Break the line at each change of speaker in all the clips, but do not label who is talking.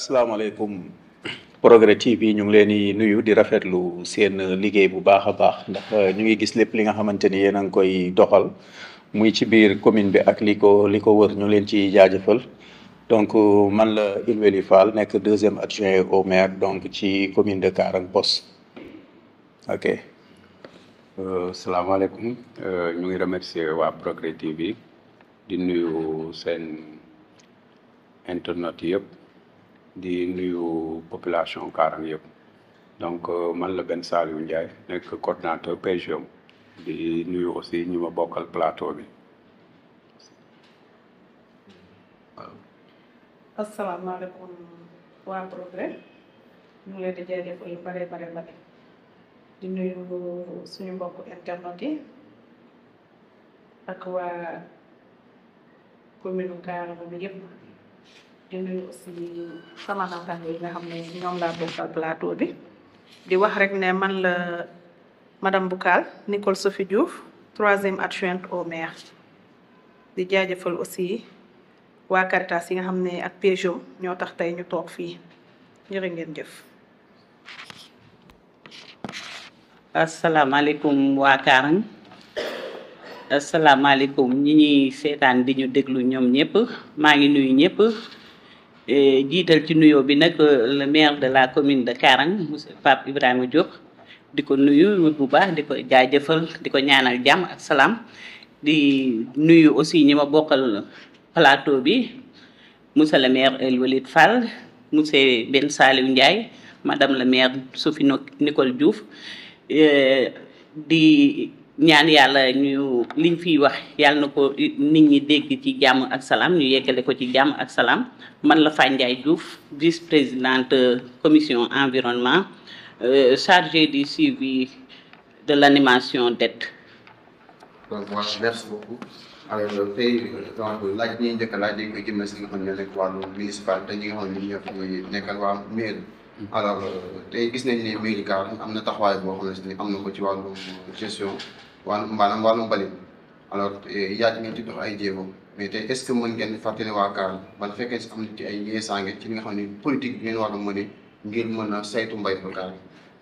asalaamaaleykum progrès TV ñu ngi leen di nuyu di rafetlu seen liggéey bu baax a baax ndax euh, ñu ngi gis lépp li nga xamante ni yéen a ngi koy doxal muy ci biir commune bi ak li ko li ko wër ñu leen ci jaajëfal donc euh, man la Ilweli Fall nekk deuxième adjoint au maire donc ci commune de Karang Pos ok. Uh, salaamaaleykum euh, ñu ngi remercier
waa progrès TV di nuyu seen internet yëpp. di nuyu population Kaarang yëpp donc euh, man la benn Saliou Ndiaye nekk coordonnateur PGIOM di nuyu aussi ñu ma bokkal plateau
bi.
asalaamaaleykum waa Progrès ñu ngi leen di jaajëfal yu bare bare di nuyu suñu mbokk internet yi ak waa commune Kaarang bi di sama naataango yi nga xam ne ñoom laa bokkal plateau bi di wax rek ne man la madame Boucal Nicole Sophie Diouf troisième adjointe au maire di jaajëfal aussi waa si nga xam ne ak Pejom ñoo tax tey ñu toog fii jërë ngeen jëf.
asalaamaaleykum waa Karang asalaamaaleykum ñi ñuy seetaan di ñu déglu ñoom ñëpp maa ngi nuyu ñëpp. E, jiital ci nuyoo bi nag euh, le maire de la commune de Karang monsieur Pape Ibrahima di ko nuyu bu baax di ko jaajëfal di ko ñaanal jàmm ak salaam di nuyu aussi ñi ma bokkal plateau bi monsieur le maire El Walid Fall monsieur benn Saliou Ndiaye madame le maire Sophie Nicole Diouf euh, di ñaan yàlla ñu liñ fiy wax yàlla na ko nit ñi dégg ci jàmm ak salaam ñu yeggale ko ci jàmm ak salaam man la Fatou Ndiaye Diouf vice présidente commission environnement euh, chargée du suivi de l' animation DED.
donc voilà merci beaucoup alors tey donc laaj ñuy njëkk a laaj dañ koy jëmale si nga xam ne rek wàllu municipalité ñi nga xam ne ñoo fi nekkal waa mairie. alors euh, tey gis nañ ne mairie Kaolack am na taxawaay boo xam ne am na ko ci wàllu gestion. wàllum maanaam wàllum mbalit alors eh, yaaj ngeen ci dox ay jéego mais tey est ce que mën ngeen fàttali waa Kaar ba bu am na ci ay yeesaange ci li nga xam ne politique bi ngeen war a mën a ngir mën a saytu mbay bu Kaar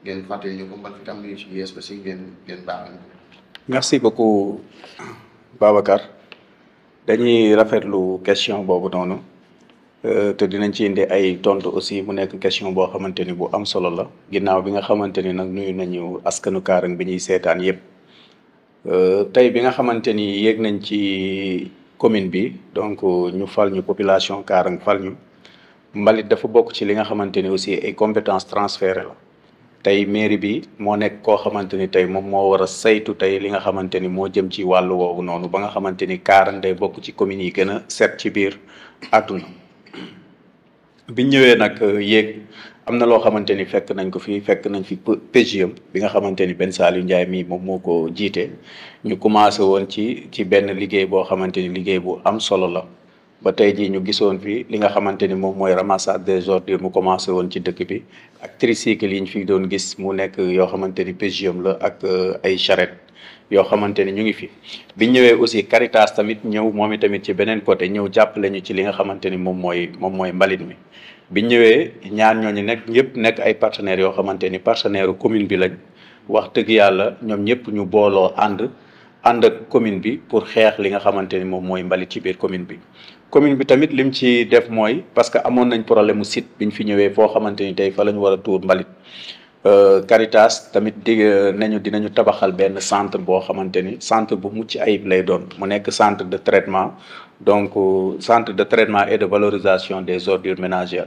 ngeen fàttali ñu ko man fi tam ci yees ba si ngeen
merci beaucoup Babacar dañuy rafetlu question boobu noonu euh, te dinañ ci indi ay tontu aussi bu nekk question boo xamante ni bu am solo la ginnaaw bi nga xamante ni nag nuyu nañu askanu Kaarang bi ñuy seetaan yëpp. Euh, tey bi nga xamante ni yéeg nañ ci commune bi donc euh, ñu fal ñu population Karang fal ñu mbalit dafa bokk ci li nga xamante ni aussi ay compétence transférées la tey mairie bi moo nekk koo xamante ni tey moom moo war a saytu tey li nga xamante ni moo jëm ci wàllu woowu noonu ba nga xamante ni Karang day bokk ci communes yi gën a set ci biir àdduna biñ ñëwee nag euh, yéeg am na loo xamante ni fekk nañ ko fi fekk nañ fi PGIOM bi nga xamante ni benn Saliou Ndiaye mii moom moo ko jiite ñu commencé woon ci ci benn liggéey boo xamante ni liggéey bu am solo la ba tey jii ñu gisoon fi li nga xamante ni moom mooy ramassage des ordures mu commencé woon ci dëkk bi ak tricycle yi ñu fi doon gis mu nekk yoo xamante ni PGIOM la ak euh, ay charrette yoo xamante ni ñu ngi fi bi ñëwee aussi Caritas tamit ñëw moom i ci beneen côté ñëw jàppale ñu ci li nga xamante ni moom mooy moom mooy mbalit mi bi ñëwee ñaar ñooñu nekk ñëpp nekk ay partenaires yoo xamante ni partenaire commune bi lañ wax dëgg yàlla ñoom ñëpp ñu booloo ànd ànd ak commune bi pour xeex li nga xamante ni moom mooy mbalit ci biir commune bi. commune bi tamit lim ci def mooy parce que amoon nañ problème mu site bi ñu fi ñëwee foo xamante ni tey fa la ñu war a tuur mbalit. Euh, Caritas tamit dig nañu dinañu tabaxal benn centre boo xamante ni centre bu mucc ayib lay doon mu nekk centre de traitement donc euh, centre de traitement et de valorisation des ordures ménagères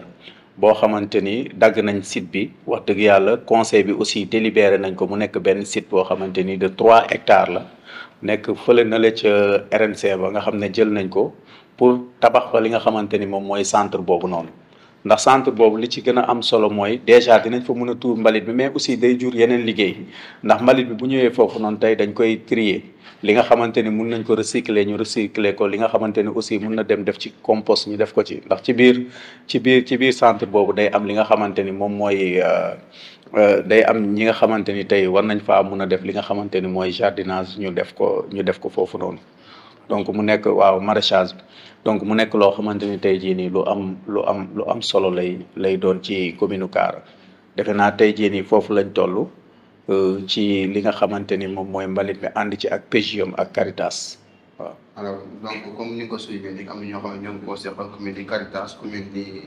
boo xamante ni dagg nañ site bi wax dëgg yàlla conseil bi aussi délibéré nañ ko mu nekk benn site boo xamante ni de trois hectares la nekk fële na la ca RNC ba nga xam ne jël nañ ko pour tabax fa li nga xamante ni moom mooy centre boobu noonu ndax centre boobu li ci gën a am solo mooy déjà dinañ fa mun a tuur mbalit bi mais aussi day jur yeneen liggéey ndax mbalit bi bu ñëwee foofu noonu tey dañ koy trie li nga xamante ni mun nañ ko recycler ñu recycler ko li nga xamante ni aussi mun na dem def ci compost ñu def ko ci ndax ci biir ci biir ci biir centre boobu day am li nga xamante ni moom mooy euh, euh, day am ñi nga xamante ni tey war nañ faa mun a def li nga xamante ni mooy jardinage ñu def ko ñu def ko foofu noonu donc mu nekk waaw maraîchage donc mu nekk loo xamante ni tey jii nii lu am lu am lu am solo lay lay doon ci commune Kaar defe naa tey jii nii foofu lañ toll euh, ci li nga xamante ni moom mooy mbalit mi ànd ci ak PGIOM ak Caritas
waaw. alors donc comme ni nga ko souligné am na ñoo xam ñoo ngi ko commune di Caritas commune di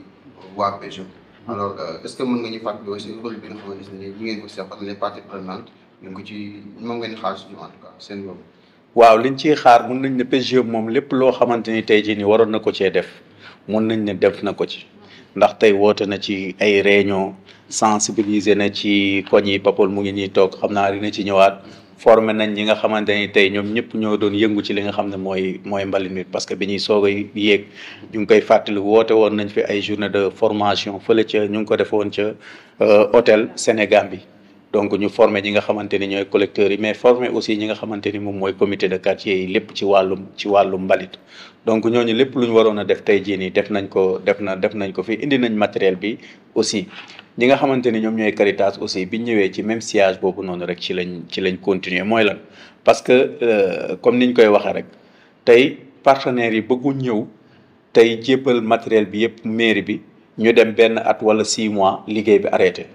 waa PGIOM alors euh, est-ce que mën nga ñu fàttali aussi rôle bi nga xamante ne ñu ngeen ko seqal les parties prenantes ñu ngi ko ci moom ngeen xaar suñu en seen boobu. waaw liñ ciy xaar mun
nañ ne PGE moom lépp loo xamante ni tey jii nii waroon na ko cee def mun nañ ne def na ko ci ndax tey woote na ci ay réunion sensibiliser na ci koñ yi papal mu ngi ñuy toog xam naa dina ci ñëwaat formé nañ ñi nga xamante ni tey ñoom ñëpp ñoo doon yëngu ci li nga xam ne mooy mooy mbalit mi parce que bi ñuy soog yéeg ñu ngi koy fàttali woote woon nañ fi ay journée de formation fële ca ñu ngi ko def woon ca euh, hôtel Sénégal bi donc ñu forme ñi nga xamante ni ñooy collecteurs yi mais former aussi ñi nga xamante ni moom mooy comité de quartier yi lépp ci wàllum ci wàllum mbalit donc ñooñu lépp lu ñu waroon a def tey jii nii def nañ ko def na def nañ ko fi indi nañ matériel bi aussi ñi nga xamante ni ñoom ñooy Caritas aussi bi ñëwee ci même siège boobu noonu rek ci lañ ci lañ continuer mooy lan parce que euh, comme niñ koy waxee rek tey partenaires yi bëggu ñëw tey jébbal matériel bi yëpp mairie bi ñu dem benn at wala six mois liggéey bi arrêté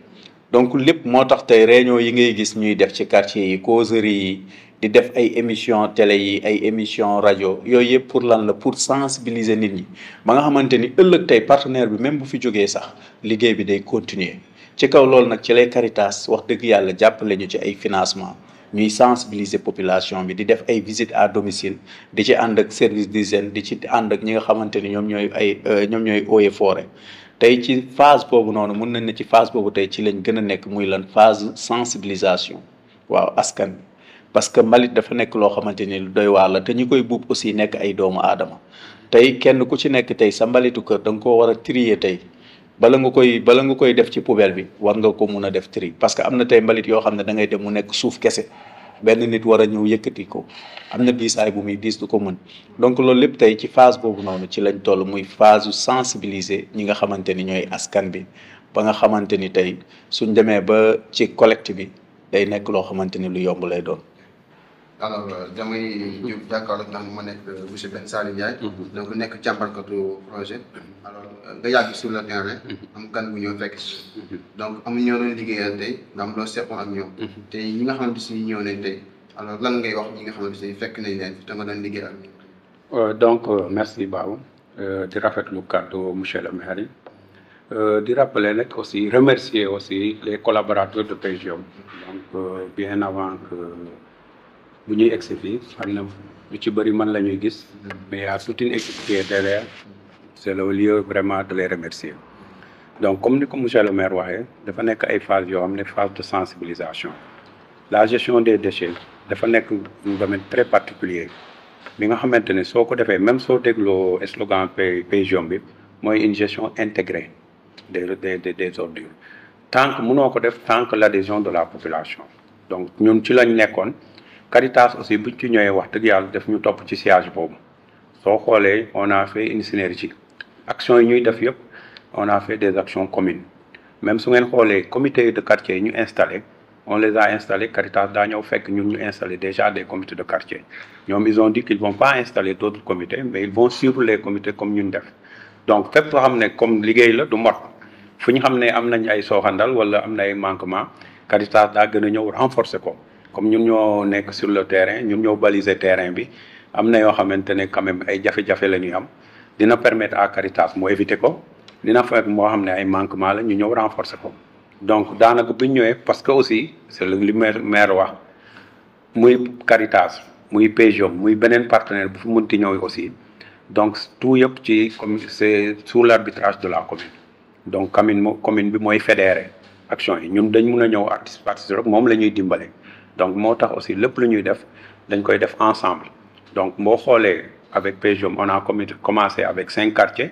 donc lépp moo tax tey réunion yi ngay gis ñuy def ci quartier yi causerie yi di def ay émission télé yi ay émission rajo yooyu yëpp pour lan la pour sensibiliser nit ñi ba nga xamante ni ëllëg tey partenaire bi même bu fi jógee sax liggéey bi day continuer ci kaw loolu nag ci lay Caritas wax dëgg yàlla jàppale ñu ci ay financement ñuy sensibiliser population bi di def ay visite à domicile di ci ànd ak service d'hygiène di ci ànd ak ñi nga xamante ni ñoom ñooy ay euh, ñoom ñooy eaux et tey ci phase boobu noonu mun nañ ne ci phase boobu tey ci lañ gën a nekk muy lan phase sensibilisation waaw askan bi parce que mbalit dafa nekk loo xamante ni lu doy waar la te ñi koy buub aussi nekk ay doomu aadama tey kenn ku ci nekk tey sa mbalitu kër danga koo war a trier tey bala nga koy bala nga koy def ci poubelle bi war nga ko mun a def tri parce que am na tey mbalit yoo xam ne da ngay dem mu nekk suuf kese benn nit war a ñëw yëkkati ko am na diisaay bu muy diis du ko mën donc loolu lépp tey ci phase boobu noonu ci lañ toll muy phase su sensibiliser ñi nga xamante ni ñooy askan bi ba nga xamante ni tey suñ demee ba ci collect bi
day nekk loo xamante ni lu yomb lay doon. alors euh, damay ñu jàkkaarloo ak naan ma nekk euh, monsieur Ben Saliou Ndiaye. Mhm. donc nekk càmbarkatu projet. alors euh, nga yàgg sur le terrain. Mhm. am gan bu ñëw fekk si. Mhm. donc amuñu ñoo liggéeyal tey nga am loo ak ñoom. te nga xamante si ñëw nañ lan ngay wax ñi nga xamante si fekk nañ liggéey
ak donc merci Babou di rafetlu kàddu monsieur le maire yi di rappeler nag aussi remercier aussi les collaborateurs de PGIOM donc bien avant que. bu ñuy egsi fii xam na lu ci bëri man la ñuy gis mais y a toute une équipe qui c'est le lieu vraiment de les remercier donc comme ni ko monsieur le maire waxee dafa nekk ay phase yoo xam ne phase de sensibilisation la gestion des déchets dafa nekk un très particulier bi nga xamante ne soo ko defee même soo dégloo slogan PJOM bi mooy une gestion intégrée des de des ordures tant que mënoo ko def tant que l'adhésion de la population donc ñun ci lañ nekkoon Caritas aussi buñ ci ñëwee wax dëgg yàlla daf ñu topp ci siège boobu soo xoolee on a fait une synergie action yi ñuy def yëpp on a fait des actions communes même su ngeen xoolee comité de quartier ñu installé on les a installés Caritas daa ñëw fekk ñu installé déjà des comités de quartier ñoom ils ont dit qu'ils vont pas installer d'autres comités mais ils vont suivre les comités comme ñun def donc fépp xam ne comme liggéey la du mot fu ñu xam ne am nañ ay sooxandal wala am na ay manquement Caritas daa gën a ñëw renforcer ko comme ñun ñoo nekk sur le terrain ñun ñoo baliser terrain bi am na yoo xamante ne quand ay jafe-jafe la ñuy am dina permettre à Caritas mu éviter ko dina fekk moo xam ne ay manquement la ñu ñëw renforcer ko. donc daanaka bu ñëwee parce que aussi c'est li maire maire wax muy Caritas muy PGIOM muy beneen partenaire bu mun ti ñëw aussi donc tout yëpp ci comme c'est sous l'arbitrage de la commune donc commune commune bi mooy fédéré action yi ñun dañ mun a ñëw artiste participé moom la ñuy dimbale. donc moo tax aussi lépp lu ñuy def dañ koy def ensemble donc boo xoolee avec PGIOM on a commencé avec cinq quartiers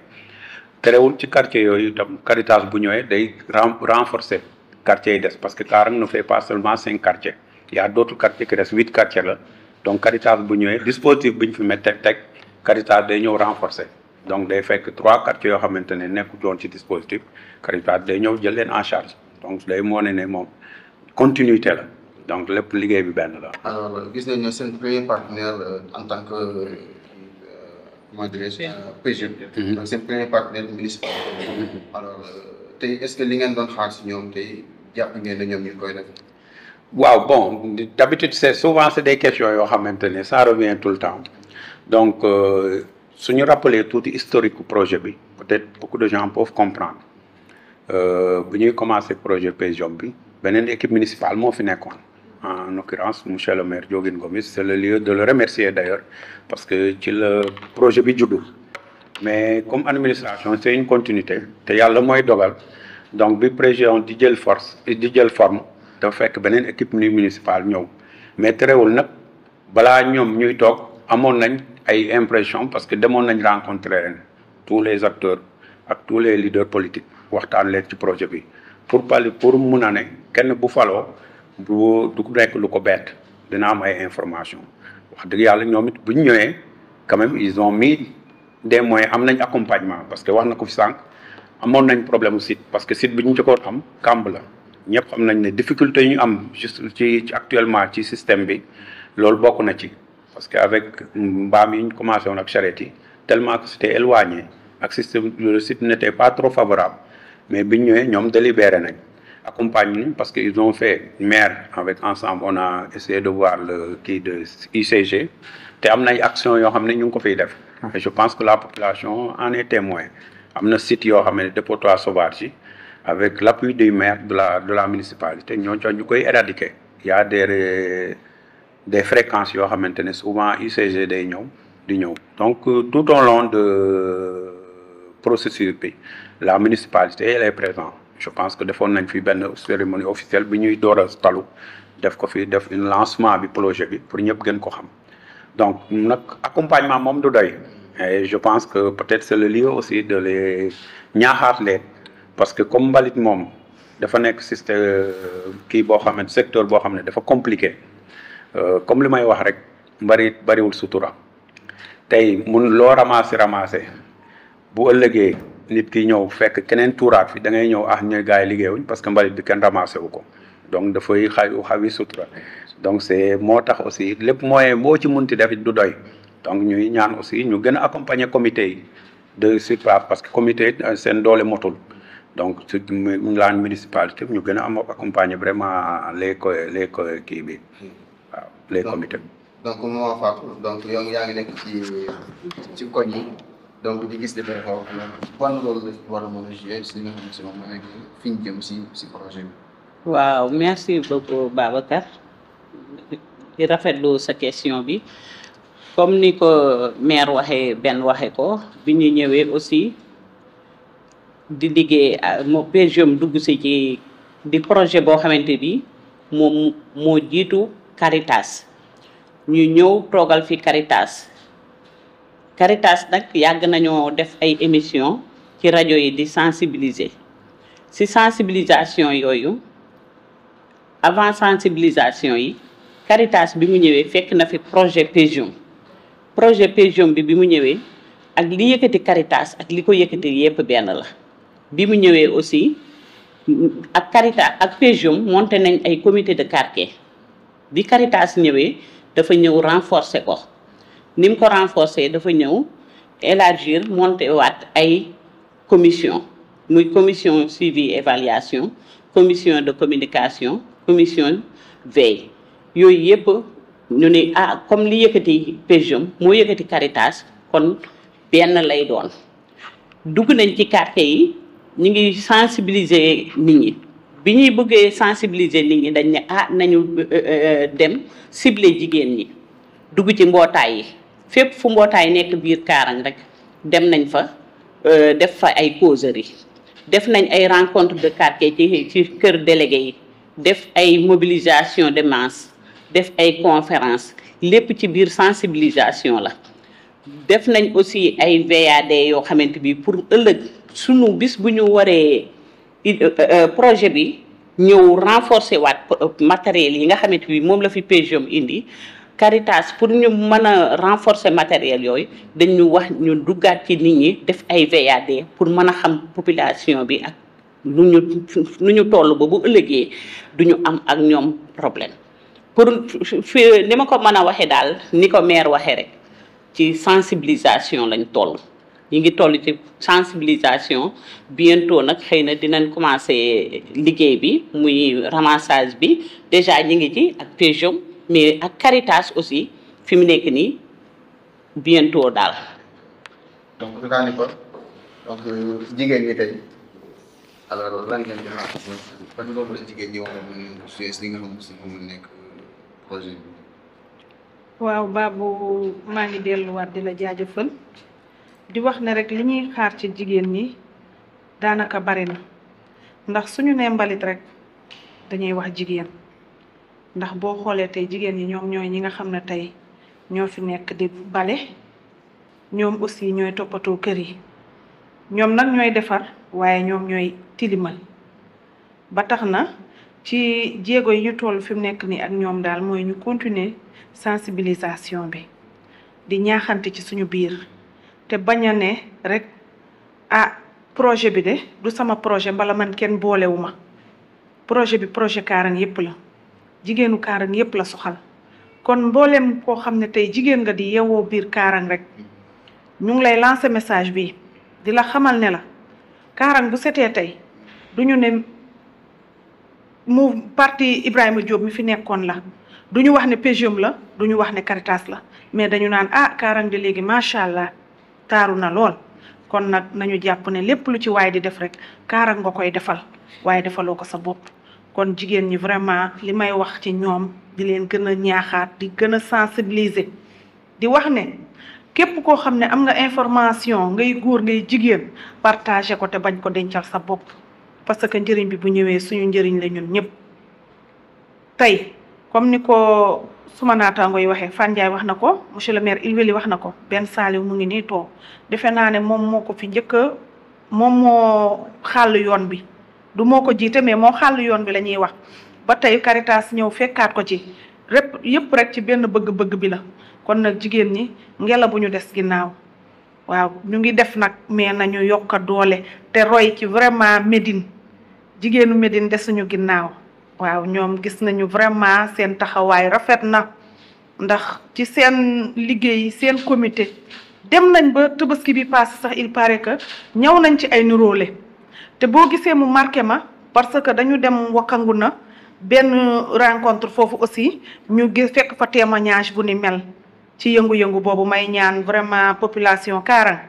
terewul ci quartier yooyu tam Caritas bu ñëwee day renforcer quartiers yi des parce que Karang ne fait pas seulement cinq quartiers il y a d'autres quartiers qui restent huit quartiers la donc Caritas bu ñëwee dispositif bi ñu fi mette teg Caritas day ñëw renforcer donc day fekk trois quartiers yoo xamante ne nekkul woon ci dispositif Caritas day ñëw jël leen en charge donc day moo ne ne moom continuité la donc lépp liggéey bi benn la.
alors gis nañu seen premier partenaire euh, en tant que euh, comment dirais-je PGE. Euh, mm-hmm. donc seen premier partenaire municipal. Mm-hmm. alors est-ce que li ngeen doon xaar si ñoom tey jàpp ngeen ne ñoom ñu koy def.
waaw bon d'habitude c'est souvent c'est des questions yoo xamante ne ça revient tout le temps donc su ñu rappeler tuuti historique projet bi peut-être beaucoup de gens peuvent comprendre bu ñuy commencer projet PJOM bi beneen équipe municipale moo fi nekkoon. en l'occurrence monsieur le maire Diogine Gomis c'est le lieu de le remercier d'ailleurs parce que ci la projet bi juddu mais comme administration c'est une continuité te yàlla mooy dogal donc bi président di jël force di jël forme dafa fekk beneen équipe municipale ñëw mais terewul nag balaa ñoom ñuy toog amoon nañ ay impression parce que demoon nañ rencontrer leen tous les acteurs ak tous les leaders politiques waxtaan leen ci projet bi pour parler pour mun a ne kenn bu faloo bu du nekk lu ko bet dina am ay information wax dëgg yàlla ñoom it bu ñu ñëwee quand même ils mis des moyens am nañ accompagnement parce que wax na ko fi sànq amoon nañ problème mu parce que site bi ñu jëkkoon am kàmb la ñëpp xam nañ ne difficulté yu ñu am juste ci actuellement ci système bi loolu bokk na ci parce que avec mbaam yi ñu commencé woon ak charrette yi tellement que c'était éloigné ak système le site n'était pas trop favorable mais biñ ñëwee ñoom délibéré nañ accompagne nous parce qu'ils ont fait maire avec ensemble on a essayé de voir le kii de ICG te am na ay actions yoo xam ne ñu ngi ko fiy def ah. et je pense que la population en est témoin am na site yoo xam ne dépotoir sauvage yi avec l'appui du maire de la de la municipalité ñoo jox ñu koy éradiquer y a des fréquences yoo xamante ne souvent UCG day ñëw di ñëw donc euh, tout au long de processus bi la municipalité elle est présente je pense que defoon nañ fi benn cérémonie officielle bi ñuy door a talu def ko fi def une lancement bi projet bi pour ñëpp gën ko xam donc nag accompagnement moom du doy et je pense que peut-être c'est le lieu aussi de le ñaaxaat leen parce que comme mbalit moom dafa nekk système euh, kii boo xam ne boo xam ne dafa compliqué euh, comme li may wax rek mbari bariwul sutura tey mun loo ramasser ramasser bu ëllëgee nit ki ñëw fekk keneen tuuraat fi da ngay ñëw ah ñooy gars liggéeyuñ parce que mbalit bi kenn ramassé ko donc dafay xay sutura donc c'est moo tax aussi lépp moyen boo ci mun munti def du doy donc ñuy ñaan aussi ñu gën a accompagner comité yi de surface parce que comité euh, seen doole motul donc su laan municipalité ñu gën a am accompagner vraiment les co les co kii bi waaw les comités
donc moo donc di gis dafay xaw a bi.
waaw merci beaucoup Babacar di rafetlu sa question bi comme ni ko maire waxee benn waxee ko bi ñu ñëwee aussi di liggéey mo dugg si ci di projet boo xamante bi moom moo jiitu Caritas ñu ñëw toogal fi Caritas. Caritas nag yàgg nañoo def ay émission ci rajo yi di sensibiliser si sensibilisation yooyu avant sensibilisation yi Caritas bi mu ñëwee fekk na fi projet PEJUM projet PEJUM bi bi mu ñëwee ak li yëkkati Caritas ak li ko yëkkati yépp benn la bi mu ñëwee aussi ak Caritas ak PEJUM monte nañ ay commité de quartier bi Caritas ñëwee dafa ñëw renforcer ko nim ko renforcer dafa ñëw élargir monter waat ay commission muy commission suivi évaluation commission de communication commission veille yooyu yëpp ñu ne ah comme li yëkkati PGIOM moo yëkkati Caritas kon benn lay doon dugg nañ ci quartier yi ñu ngi sensibilise nit ñi bi ñuy bëggee sensibiliser nit ñi dañ ne ah nañu euh, euh, euh, dem cibler jigéen ñi dugg ci mbootaay yi fépp fu mbootaay nekk biir Kaarang rek dem nañ fa euh, def fa ay causerie def nañ ay rencontre de quartier ci ci kër délégué yi def ay mobilisation de masse def ay conférence lépp ci biir sensibilisation la def nañ aussi ay VAD yoo xamante bi pour ëllëg sunu bis bu ñu waree euh, euh, projet bi ñëw renforcer waat matériel yi nga xamante bi moom la fi PGIOM indi Caritas pour ñu mën a renforcer matériel yooyu dañ ñu wax ñu duggaat ci nit ñi def ay VAD pour mën a xam population bi ak nu ñu toll ba bu ëllëgee du ñu am ak ñoom problème. pour fi ni ma ko mën a waxee daal ni ko maire waxee rek ci sensibilisation lañ toll ñu ngi toll ci sensibilisation bientôt nag xëy na dinañ commencé liggéey bi muy ramassage bi déjà ñu ngi ci ak Pejom. mais ak Caritas aussi fi mu nekk nii bientôt daal.
donc ñu daal di jigéen ñi tey alors lan ngeen di
waaw Babou maa ngi delluwaat di la jaajëfal di wax ne rek li ñuy xaar ci jigéen ñi daanaka bari na ndax suñu ne mbalit rek dañuy wax jigéen. ndax boo xoolee tey jigéen ñi ñoom ñooy ñi nga xam ne tey ñoo fi nekk di bale ñoom aussi ñooy toppatoo kër yi ñoom nag ñooy defar waaye ñoom ñooy tilimal ba tax na ci jéego yi ñu toll fi mu nekk nii ak ñoom daal mooy ñu continuer sensibilisation bi di ñaaxante ci suñu biir te bañ a ne rek ah projet bi de du sama projet mbala man kenn boolewuma projet bi projet Karene yépp la jigéenu kaarang yépp la soxal kon mbooleem koo xam ne tey jigéen nga di yewoo biir kaarang rek ñu ngi lay lancé message bi di la xamal ne la kaarang bu setee tey du ñu ne mu parti Ibrahima Diop mi fi nekkoon la du ñu wax ne PGIOM la du ñu wax ne Caritas la mais dañu naan ah kaarang di léegi macha allah taaru na lool kon nag nañu jàpp ne lépp lu ci waay di def rek kaarang nga koy defal waaye defaloo ko sa bopp. kon jigéen ñi vraiment li may wax ci ñoom di leen gën a ñaaxaat di gën a sensibiliser di wax ne képp koo xam ne am nga information ngay góor ngay jigéen partager ko te bañ ko dencal sa bopp parce que njëriñ bi bu ñëwee suñu njëriñ la ñun ñëpp tey comme ni ko suma naataango yi waxee Fane wax na ko monsieur le maire Ilweli wax na ko benn saali mu ngi nii toog defe naa ne moom moo ko fi njëkk a moom moo xàll yoon bi du moo ko jiite mais moo xàll yoon bi la ñuy wax ba tey Caritas ñëw fekkaat ko ci rép yëpp rek ci benn bëgg-bëgg bi la kon nag jigéen ñi ngela ñu des ginnaaw waaw ñu ngi def nag mais nañu yokk doole te roy ci vraiment Médine jigéenu Médine desuñu ginnaaw waaw ñoom gis nañu vraiment seen taxawaay rafet na ndax ci seen liggéey seen comité dem nañ ba tabaski bi passé sax il pare que ñëw nañ ci ay nuróole te boo gisee mu marqué ma parce que dañu dem wakkangu na benn rencontre foofu aussi ñu gis fekk fa témoignage bu ni mel ci yëngu-yëngu boobu may ñaan vraiment population Karang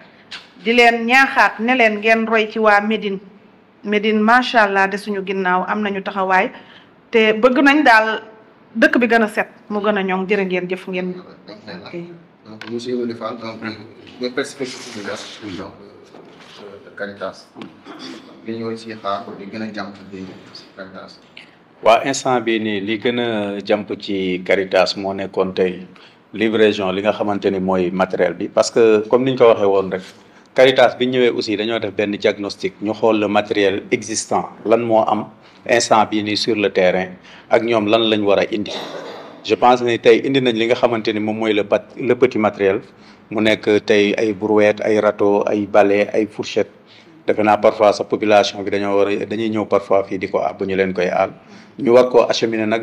di leen ñaaxaat ne leen ngeen roy ci waa Médine Médine macha allah de suñu ginnaaw am nañu taxawaay te bëgg nañ daal dëkk bi gën a set mu gën a ñoŋ jërë ngeen jëf ngeen.
donc monsieur Wali li ñu ci xaar gën a jàmp ci Caritas.
instant bii nii li gën a jàmp ci Caritas moo nekkoon tey livraison li nga xamante ni mooy matériel bi parce que comme ni ñu ko waxee woon rek. Caritas bi ñëwee aussi dañoo def benn diagnostic ñu xool le matériel existant lan moo am instant bii nii sur le terrain ak ñoom lan lañ war a indi je pense ni tey indi nañ li nga xamante ni moom mooy le pat le petit matériel mu nekk tey ay brouette ay râteau ay bale ay fourchette defe naa parfois sa population bi dañoo war dañuy ñëw parfois fii di ko ab leen koy aal ñu war koo acheminer nag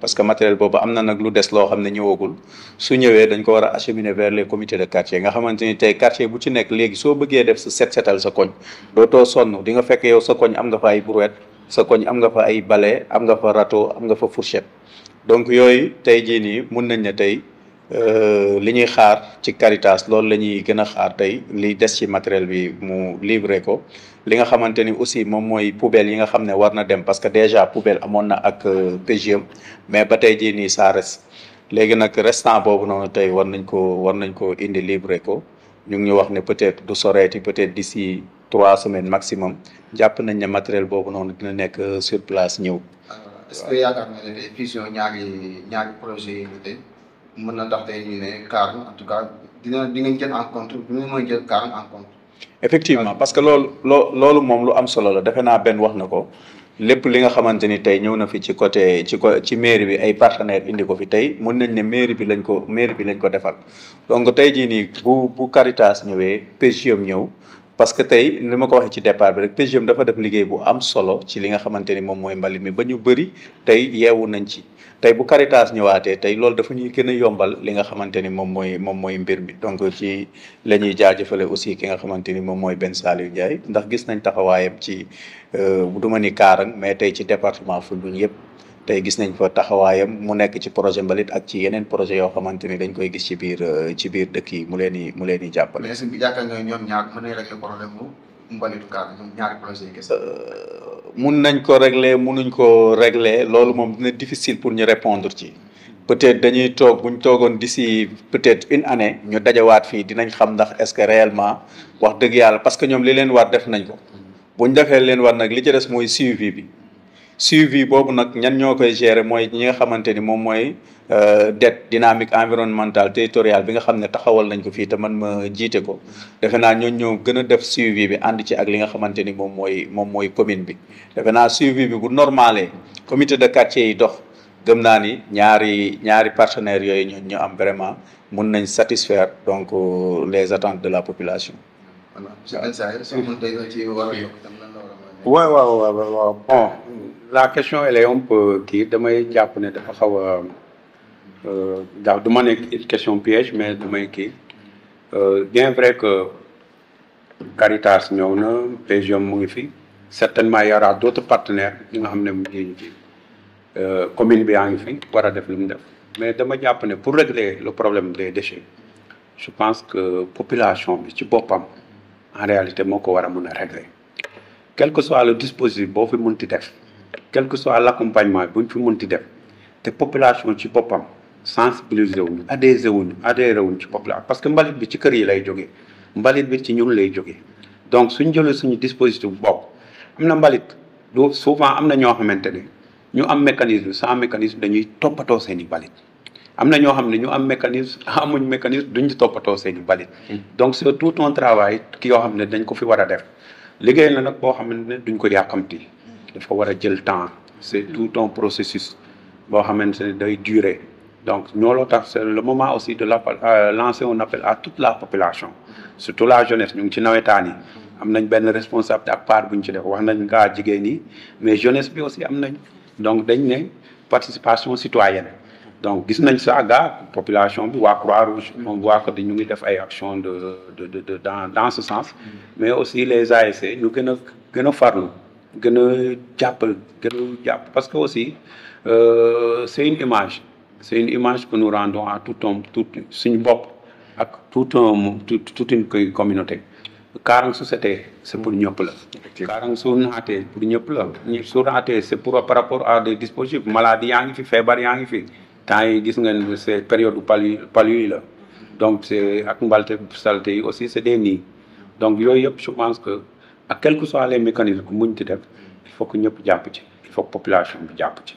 parce que matériel boobu am na nag des loo xam ne ñëwagul su ñëwee dañ ko war a acheminer vers les comités de quartier nga xamante ni tey quartier bu ci nekk léegi soo bëggee def sa set setal sa koñ dootoo sonn di nga fekk sa koñ am nga fa ay brouette sa koñ am nga fa ay bale am nga fa rato am nga fa fourchette donc yooyu tey jii nii mun nañ ne tey Euh, li ñuy xaar ci Caritas loolu la ñuy gën a xaar tey li des ci matériel bi mu livré ko li nga xamante ni aussi moom mooy poubelle yi nga xam ne war na dem parce que déjà poubelle amoon na ak euh, PGM mais ba tey jii nii ça léegi nag restant boobu noonu tey war nañ ko war nañ ko indi livré ko ñu ngi ñu wax ne peut-être du soreeti peut-être d'ici trois semaines maximum jàpp nañ ne matériel boobu noonu dina nekk euh, surplace ñëw.
est-ce que yaakaar nga ne fusion ñaari mën na tax tey ñu ne Karl en tout cas parce que loolu loo
loolu moom lu am solo la defe naa benn wax na ko lépp li nga xamante ni tey ñëw na fi ci côté ci ko ci mairie bi ay partenaires indi ko fi tey mën nañ ne mairie bi lañ ko mairie bi lañ ko defal donc tey jii nii bu bu Caritas ñëwee PGIOM ñëw. parce que tey li ma ko waxee ci départ bi rek PGIOM dafa def liggéey bu am solo ci li nga xamante ni moom mooy mbalit mi ba ñu bëri tey yeewu nañ ci tey bu Caritas ñëwaatee tey loolu dafa ñuy gën yombal li nga xamante ni moom mooy moom mooy mbir mi donc ci la ñuy jaajëfale aussi ki nga xamante ni moom mooy benn Ben Saliou Ndiaye ndax gis nañ taxawaayam ci euh, du ma ni Kaarang mais tey ci département Foundiougne yëpp. tey gis nañ fa taxawaayam mu nekk ci projet mbalit ak ci yeneen projet yoo xamante ni dañ koy gis ci biir euh, ci biir
dëkk yi mu leen di mu leen di jàppale. mais sëñ bi yaakaar nga ñoom ñaar mën nañ régler problème mu mbalitu euh,
mun nañ ko régler munuñ ko régler loolu moom dina difficile pour ñu répondre ci. peut dañuy toog bu ñu toogoon d'ici peut-être une année ñu dajawaat fii dinañ xam ndax est-ce que réellement wax dëgg yàlla parce que ñoom li leen war def nañ ko. Mm-hmm. bu ñu defee leen war nag li ci des mooy suivi bi. suivi boobu nag ñan ñoo koy gérer mooy ñi nga xamante ni moom mooy euh, dette dynamique environnemental territoriale bi nga xam ne taxawal nañ ko fii te man ma jiite ko defe naa ñoo ñoo gën a def suivi bi ànd ci ak li nga xamante ni moom mooy moom mooy commune bi defe na suivi bi bu normalé commité de quartier yi dox gëm naa ni ñaari ñaari partenaires yooyu ñoo ñu am vraiment mun nañ satisfaire donc euh, les attentes de la population
waaw waaw waaw
waaw
la question elle est peu kii damay jàpp ne dafa xaw daaw euh, du ma nekk question piège mais may kii euh, bien vrai que Caritas ñëw na PGIOM mu ngi fi certainement y aura d'autres partenaires ñi nga xam ne mu ngi ci euh, commune bi yaa ngi fi war a def lu mu def mais dama jàpp ne pour régler le problème des déchets je pense que population bi ci boppam en réalité moo ko war a mun a régler quel que soit le dispositif boo fi ti def quel que soit l' accompagnement bu ñu fi mun ti def te population ci boppam sensibiliser wuñu adhésé wuñu adhéré wuñu ci population parce que mbalit bi ci kër yi lay jógee mbalit bi ci ñun lay jógee donc suñ jëlee suñu dispositif bopp am na mbalit du souvent am na ñoo xamante ne ñu am mécanisme sans mécanisme dañuy toppatoo seen i mbalit am na ñoo xam ne ñu am mécanisme amuñ mécanisme duñ toppatoo seen i mbalit hmm. donc c'est tout un travail ki yoo xam ne dañ ko fi war a def liggéey na nag boo xam ne duñ ko yàkkamti dafa war a jël temps c'est hmm. tout ton processus boo xamante ne day durer donc ñooloo tax c'est le moment aussi de la euh, lancer un appel à toute la population surtout la jeunesse ñu ngi ci nawetaan yi am nañ benn responsabilité ak part bu ñu ci def wax nañ ngaa jigéen yi mais jeunesse bi aussi am nañ donc dañ ne participation citoyenne donc gis nañ ça gaa population bi waa Croix-Rouge hmm. on voit que ñu ngi def ay actions de de de dans dans ce sens mais aussi les ASC e, ñu gën a gën a farlu gën a jàppal gën a jàpp parce que aussi euh, c' image c' image que nous rendons à tout un tout suñu bopp ak tout un tout toute une communauté Kaarang su setee c' est pour ñëpp la Kaarang su naatee pour ñëpp la su naatee c' pour par rapport à des dispositifs maladie yaa ngi fi feebar yaa ngi fi temps yi gis ngeen c' est période palu palu la donc c' est ak mbalte salte yi aussi c' des nids donc yooyu yëpp je pense que ak quels que les mécanismes que muñ ci def il faut que ñëpp jàpp ci il faut population bi jàpp ci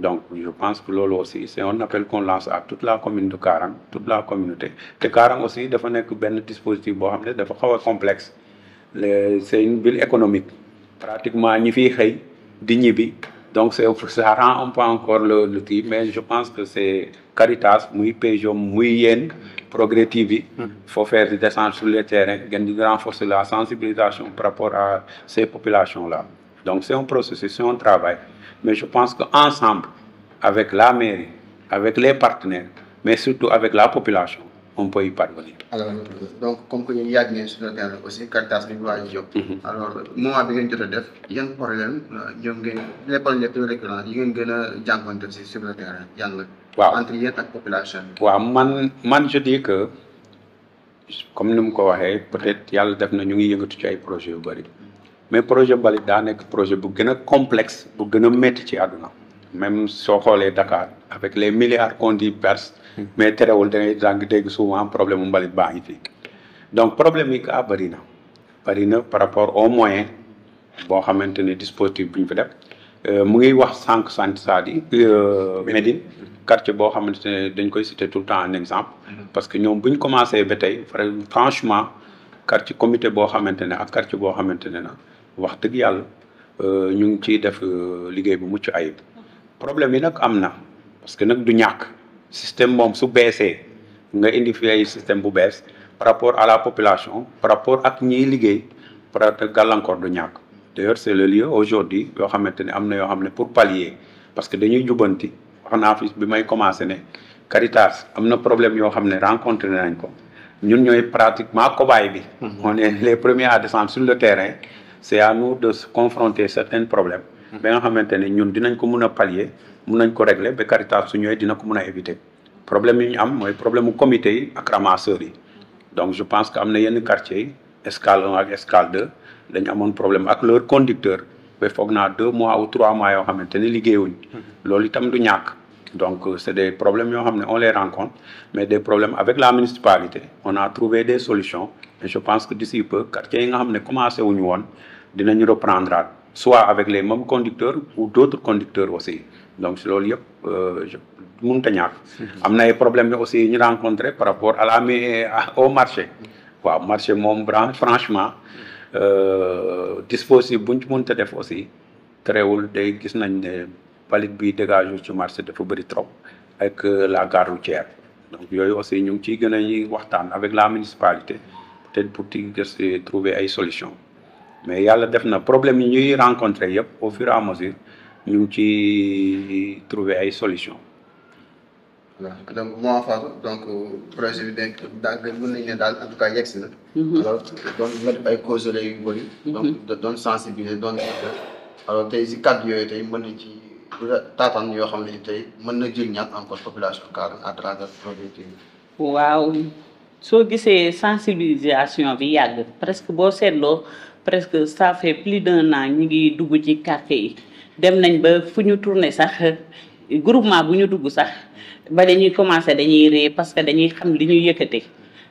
donc je pense que loolu aussi c'est un appel qu'on à toute la commune de Karang toute la communauté te Karang aussi dafa nekk benn dispositif bo xam ne dafa xaw a complexe c'est une ville économique pratiquement ñi fiy xëy di ñibbi donc c'est ça rend un peu encore le le kii mais je pense que c'est Caritas muy PGIOM muy yéen Progrès TV il mm-hmm. faut faire des descentes sur le terrain ngeen di renforcer la sensibilisation par rapport à ces populations là donc c'est un processus c'est un travail mais je pense que ensemble avec la mairie avec les partenaires mais surtout avec la population on peut parvenir.
donc comme que ñu yàgg aussi Caritas bi ñu waaj a jóg. alors moment bi ngeen jot a def yan problème euh, ñoom ngeen les problèmes plus récurrents si sur le terrain yan la. waaw entre yéen ak population
waaw man man que comme ni mu ko waxee peut-être yàlla def na ñu ngi yëngatu ci ay projet yu bëri mais projet mbalit daa nekk projet bu gën a complexe bu gën a ci àdduna. même soo xoolee Dakar avec les milliards qu'on disperse mais terewul da ngay dang dégg souvent problème mu mbalit baa ngi fi donc problème yi ka bëri na bëri na par rapport au moyen boo xamante ne dispositif bi ñu fi def euh, mu ngi wax sànq sant Sadi euh, Médine quartier boo xamante ne dañ koy citer tout le temps en exemple parce que ñoom bu ñu commencé ba tey franchement quartier comité boo xamante ne ak quartier boo xamante ne na wax dëgg yàlla euh, ñu ngi ciy def liggéey bu mucc ayib problème yi nag am na parce que nag du ñàkk système moom su beesee nga indi fi ay système bu bees par rapport à la population par rapport ak ñiy liggéey par rapport gàllankoor du ñàkk d'ailleurs c'est le lieu aujourd'hui yoo xamante ne am na yoo xam ne pour pallier parce que dañuy jubbanti wax naa fi bi may commencé ne Caritas am na problème yoo xam ne rencontré nañ ko ñun ñooy pratiquement cobaye bi mhm. on est les premiers à descendre sur le terrain c'est à nous de se confronter certains problèmes mhm. ba nga xamante ne ñun dinañ ko mun a pallier mun nañ ko régler ba Caritas su ñëwee dina ko mun a éviter problème yi ñu am mooy problème mu comité yi ak ramasseurs yi donc je pense que am na yenn quartiers yi escale 1 ak escale 2 problème ak leur conducteur ba foog naa deux mois ou trois mois yoo xamante ne liggéeyuñ loolu itam du ñàkk donc euh, c' est des problèmes yoo xam ne on les rencontre mais des problèmes avec la municipalité on a trouvé de solution et je pense que d'ici peu quartiers yi nga xam ne commencé wuñu woon dinañu reprendre soit avec les mêmes conducteurs ou d' aussi donc si loolu yëpp euh, mënut a ñàkk. am na ay problème yoo aussi ñu rencontré par rapport à la au marché. waaw marché moom franchement euh, dispositif bu ñu ci mënut def aussi terewul day gis nañ ne valide bi dégage ci marché dafa bëri trop ak euh, la gare routière donc yooyu aussi ñu ngi ciy gën a ñuy waxtaan avec la municipalité peut-être pour di trouver ay solutions mais yàlla def na problème yi ñuy rencontré yëpp au fur et à mesure. ñu ngi ci trouver ay
solution voilà donc moo Fatou donc projet bi dañ daanaka mën nañu ne daal en tout cas yegg mhm. ay causes yu bëri. Mhm. donc doon sensibiliser doon alors tey si cadre yooyu tey mën nañ ci taataan yoo xam ne mën na jël ñaat encore population Karang à
soo gisee sensibilisation bi yàgg presque boo seetloo presque ça fait plus d'un an ñu ngi dugg ci quartier yi. dem nañ ba fu ñu tourné sax groupement bu ñu dugg sax ba dañuy commencé dañuy ree parce que dañuy xam li ñuy yëkkate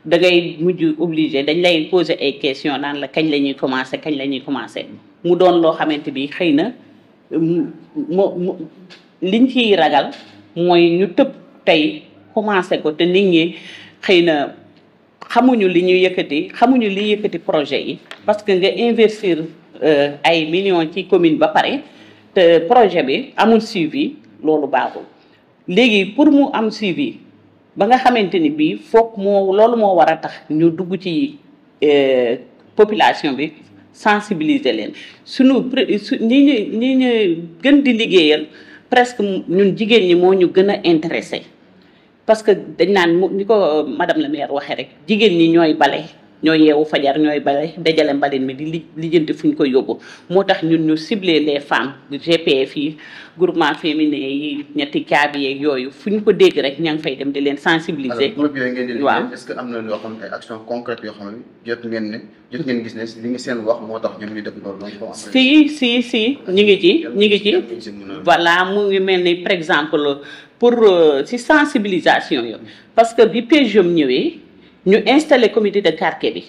da ngay mujj obligé dañ lay ay question naan la kañ la ñuy commencé kañ ñuy commencé mu doon loo xamante bi xëy na mo liñ ciy ragal mooy ñu tëb tey commencé ko te nit ñi xëy na xamuñu li ñuy yëkkati xamuñu li yëkkati projet yi parce que nga investir euh, ay millions ci commune ba pare te projet bi amul suivi loolu baaxul léegi pour mu am suivi ba nga xamante ni bii foog moo loolu moo war a tax ñu dugg ci euh, population bi sensibiliser leen sunu su ñi ñu ñi gën di liggéeyal presque ñun jigéen ñi moo ñu gën a intéressé parce que dañ naan ni ko euh, madame la maire waxee rek jigéen ñi ñooy bale ñooy yeewu fajar ñooy bale dajale mbalit mi di li lijjanti fu ñu ko yóbbu moo tax ñun ñu ciblé les femmes GPF fii groupement féminin yi ñetti
caabi yeeg yooyu fu ñu ko dégg rek ña fay dem di leen sensibiliser. alors yooyu ngeen di liggéey que am na loo xam ne ay actions jot ngeen ne jot ngeen gis ne li ngi seen wax moo tax ñoom ñu def loolu.
si si si ñu ngi ci ñu ngi ci. voilà mu ngi mel ni par exemple pour euh, si sensibilisation yooyu parce que bi PGIOM ñëwee. ñu installé comité de quartier bi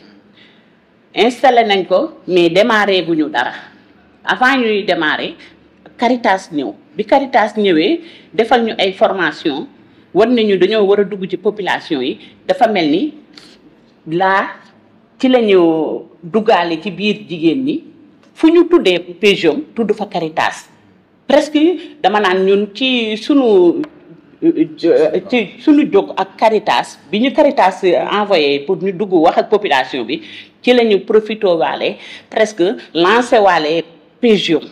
installé nañ ko mais démarré gu ñu dara avant ñuy démarré Caritas ñëw bi Caritas ñëwee defal ñu ay formation war nañu dañoo war a dugg ci population yi dafa mel ni laa ci lañu ñu duggaale ci biir jigéen ñi fu ñu tuddee PGIOM tudd fa Caritas presque dama naan ñun ci suñu ci suñu jóg ak Caritas bi ñu Caritas envoyé pour ñu dugg wax ak population bi ci la ñu profito waale presque lancé waale PGIOM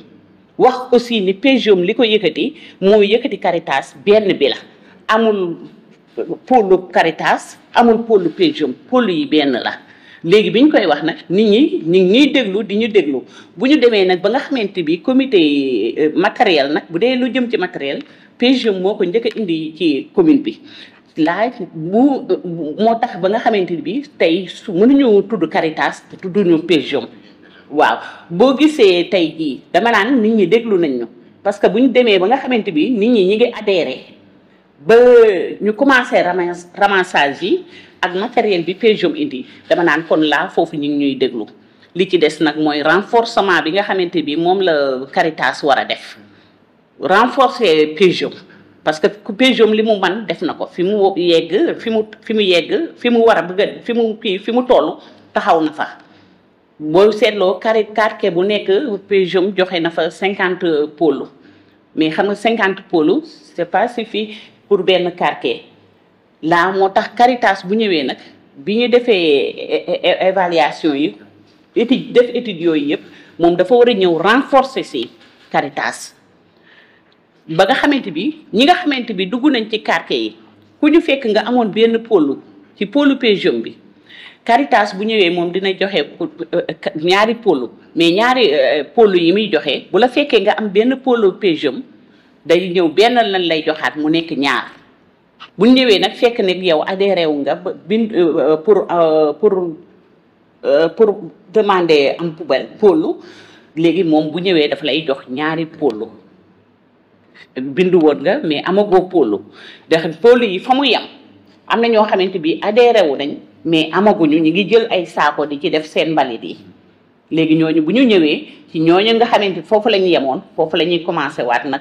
wax aussi ni PGIOM li ko yëkkati mooy yëkkati Caritas benn bi la amul pôle Caritas amul pôle PGIOM pôle yi benn la léegi bi ñu koy wax nag nit ñi ñu ngi ñuy déglu di ñu déglu bu ñu demee nag ba nga xamante bi comité euh, matériel nag bu dee lu jëm ci matériel PGE moo ko njëkk indi ci commune bi laaj bu moo tax ba nga xamante ni bi tey su mënuñu tudd Caritas tudduñu PGE waaw boo gisee tey jii dama naan nit ñi déglu nañ ñu parce que bu ñu demee ba nga xamante bi nit ñi ñi ngi adhéré ba ñu commencé ramass ramassage yi ak matériel bi PGIOM indi dama naan kon laa foofu ñu ngi ñuy déglu li ci des nag mooy renforcement bi nga xamante bi moom la Caritas war a def renforcer PGIOM parce que PGIOM li mu man def na ko fi mu yegg fi mu fi mu yegg fi mu war a bëgg fi mu kii fi mu toll taxaw na fa boo seetloo carré quartier bu nekk PGIOM joxe na fa cinquante pôles mais xam nga cinquante pôles c'est pas suffit pour benn quartier là moo tax Caritas bu ñëwee nag bi ñu defee évaluation yi étude def études yooyu yëpp moom dafa war a ñëw renforcer si Caritas ba nga xamante bi ñi nga xamante bi dugg nañ ci quartier yi ku ñu fekk nga amoon benn pôlu ci pôlu PGIOM bi Caritas bu ñëwee moom dina joxe euh, ñaari pôlu mais ñaari euh, pôlu yi muy joxe bu la fekkee nga am benn pôlu PGIOM day ñëw benn lan lay joxaat mu nekk ñaar bu ñëwee nag fekk ne yow adhéré wu nga ba bind euh, pour pour pour demander am poubelle pôlu léegi moom bu ñëwee daf lay jox ñaari pôlu. bindu woon nga mais amagoo polo ndax polo yi fa mu yem am na ñoo xamante bi adhéré wu nañ mais amaguñu ñu ngi jël ay saako di ci def seen mbalit yi léegi ñooñu bu ñu ñëwee ci ñooñu nga xamante foofu la ñu yemoon foofu la ñuy commencé waat nag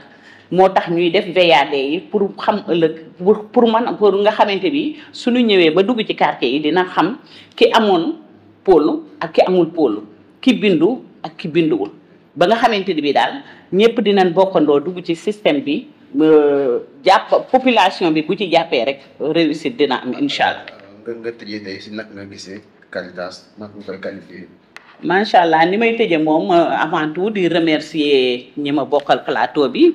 moo tax ñuy def VAD yi pour xam ëllëg pour pour man pour nga xamante bi suñu ñëwee ba dugg ci quartier yi dina xam ki amoon polo ak ki amul polo ki bindu ak ki binduwul ba nga xamante ni bi daal ñëpp dinañ bokkandoo dugg ci système bi ma jàpp population bi bu ci jàppee rek réussite dina am incha allah. nga nga tëjee tey
gisee Caritas nag
macha allah ni may tëjee moom euh, avant tout di remercier ñi ma bokkal plateau bi.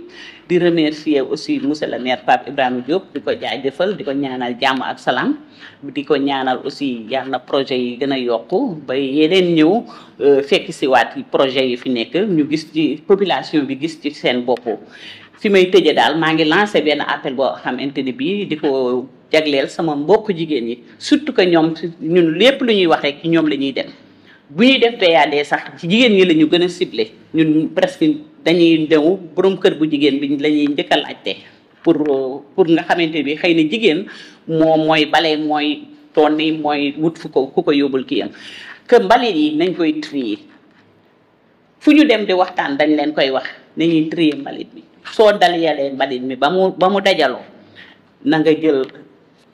di remercier aussi monsieur le maire Pape Ibrahima Diop di ko jëfal di ko ñaanal jàmm ak salaam di ko ñaanal aussi yàlla na projet yi gën a yokku ba yeneen ñëw euh, fekk si waat yi projet yi fi nekk ñu gis ci population bi gis ci seen bopp fi may tëjee daal maa ngi lancé benn appel boo xamante ni bii di ko jagleel sama mbokk jigéen ñi surtout que ñoom ñun lépp lu ñuy wax rek ñoom la ñuy dem bu ñu def DAD sax ci jigéen ñi la ñu gën a sible ñun presque dañuy ndewu borom kër bu jigéen bi la ñuy njëkk a laajte pour pour nga xamante bi xëy na jigéen moom mooy bale mooy ton ni mooy wut fu ko ku ko yóbbul kii am que mbalit yi nañ koy trier fu ñu dem di waxtaan dañ leen koy wax nañuy trier mbalit mi soo dalalee mbalit mi ba mu ba mu dajaloo na nga jël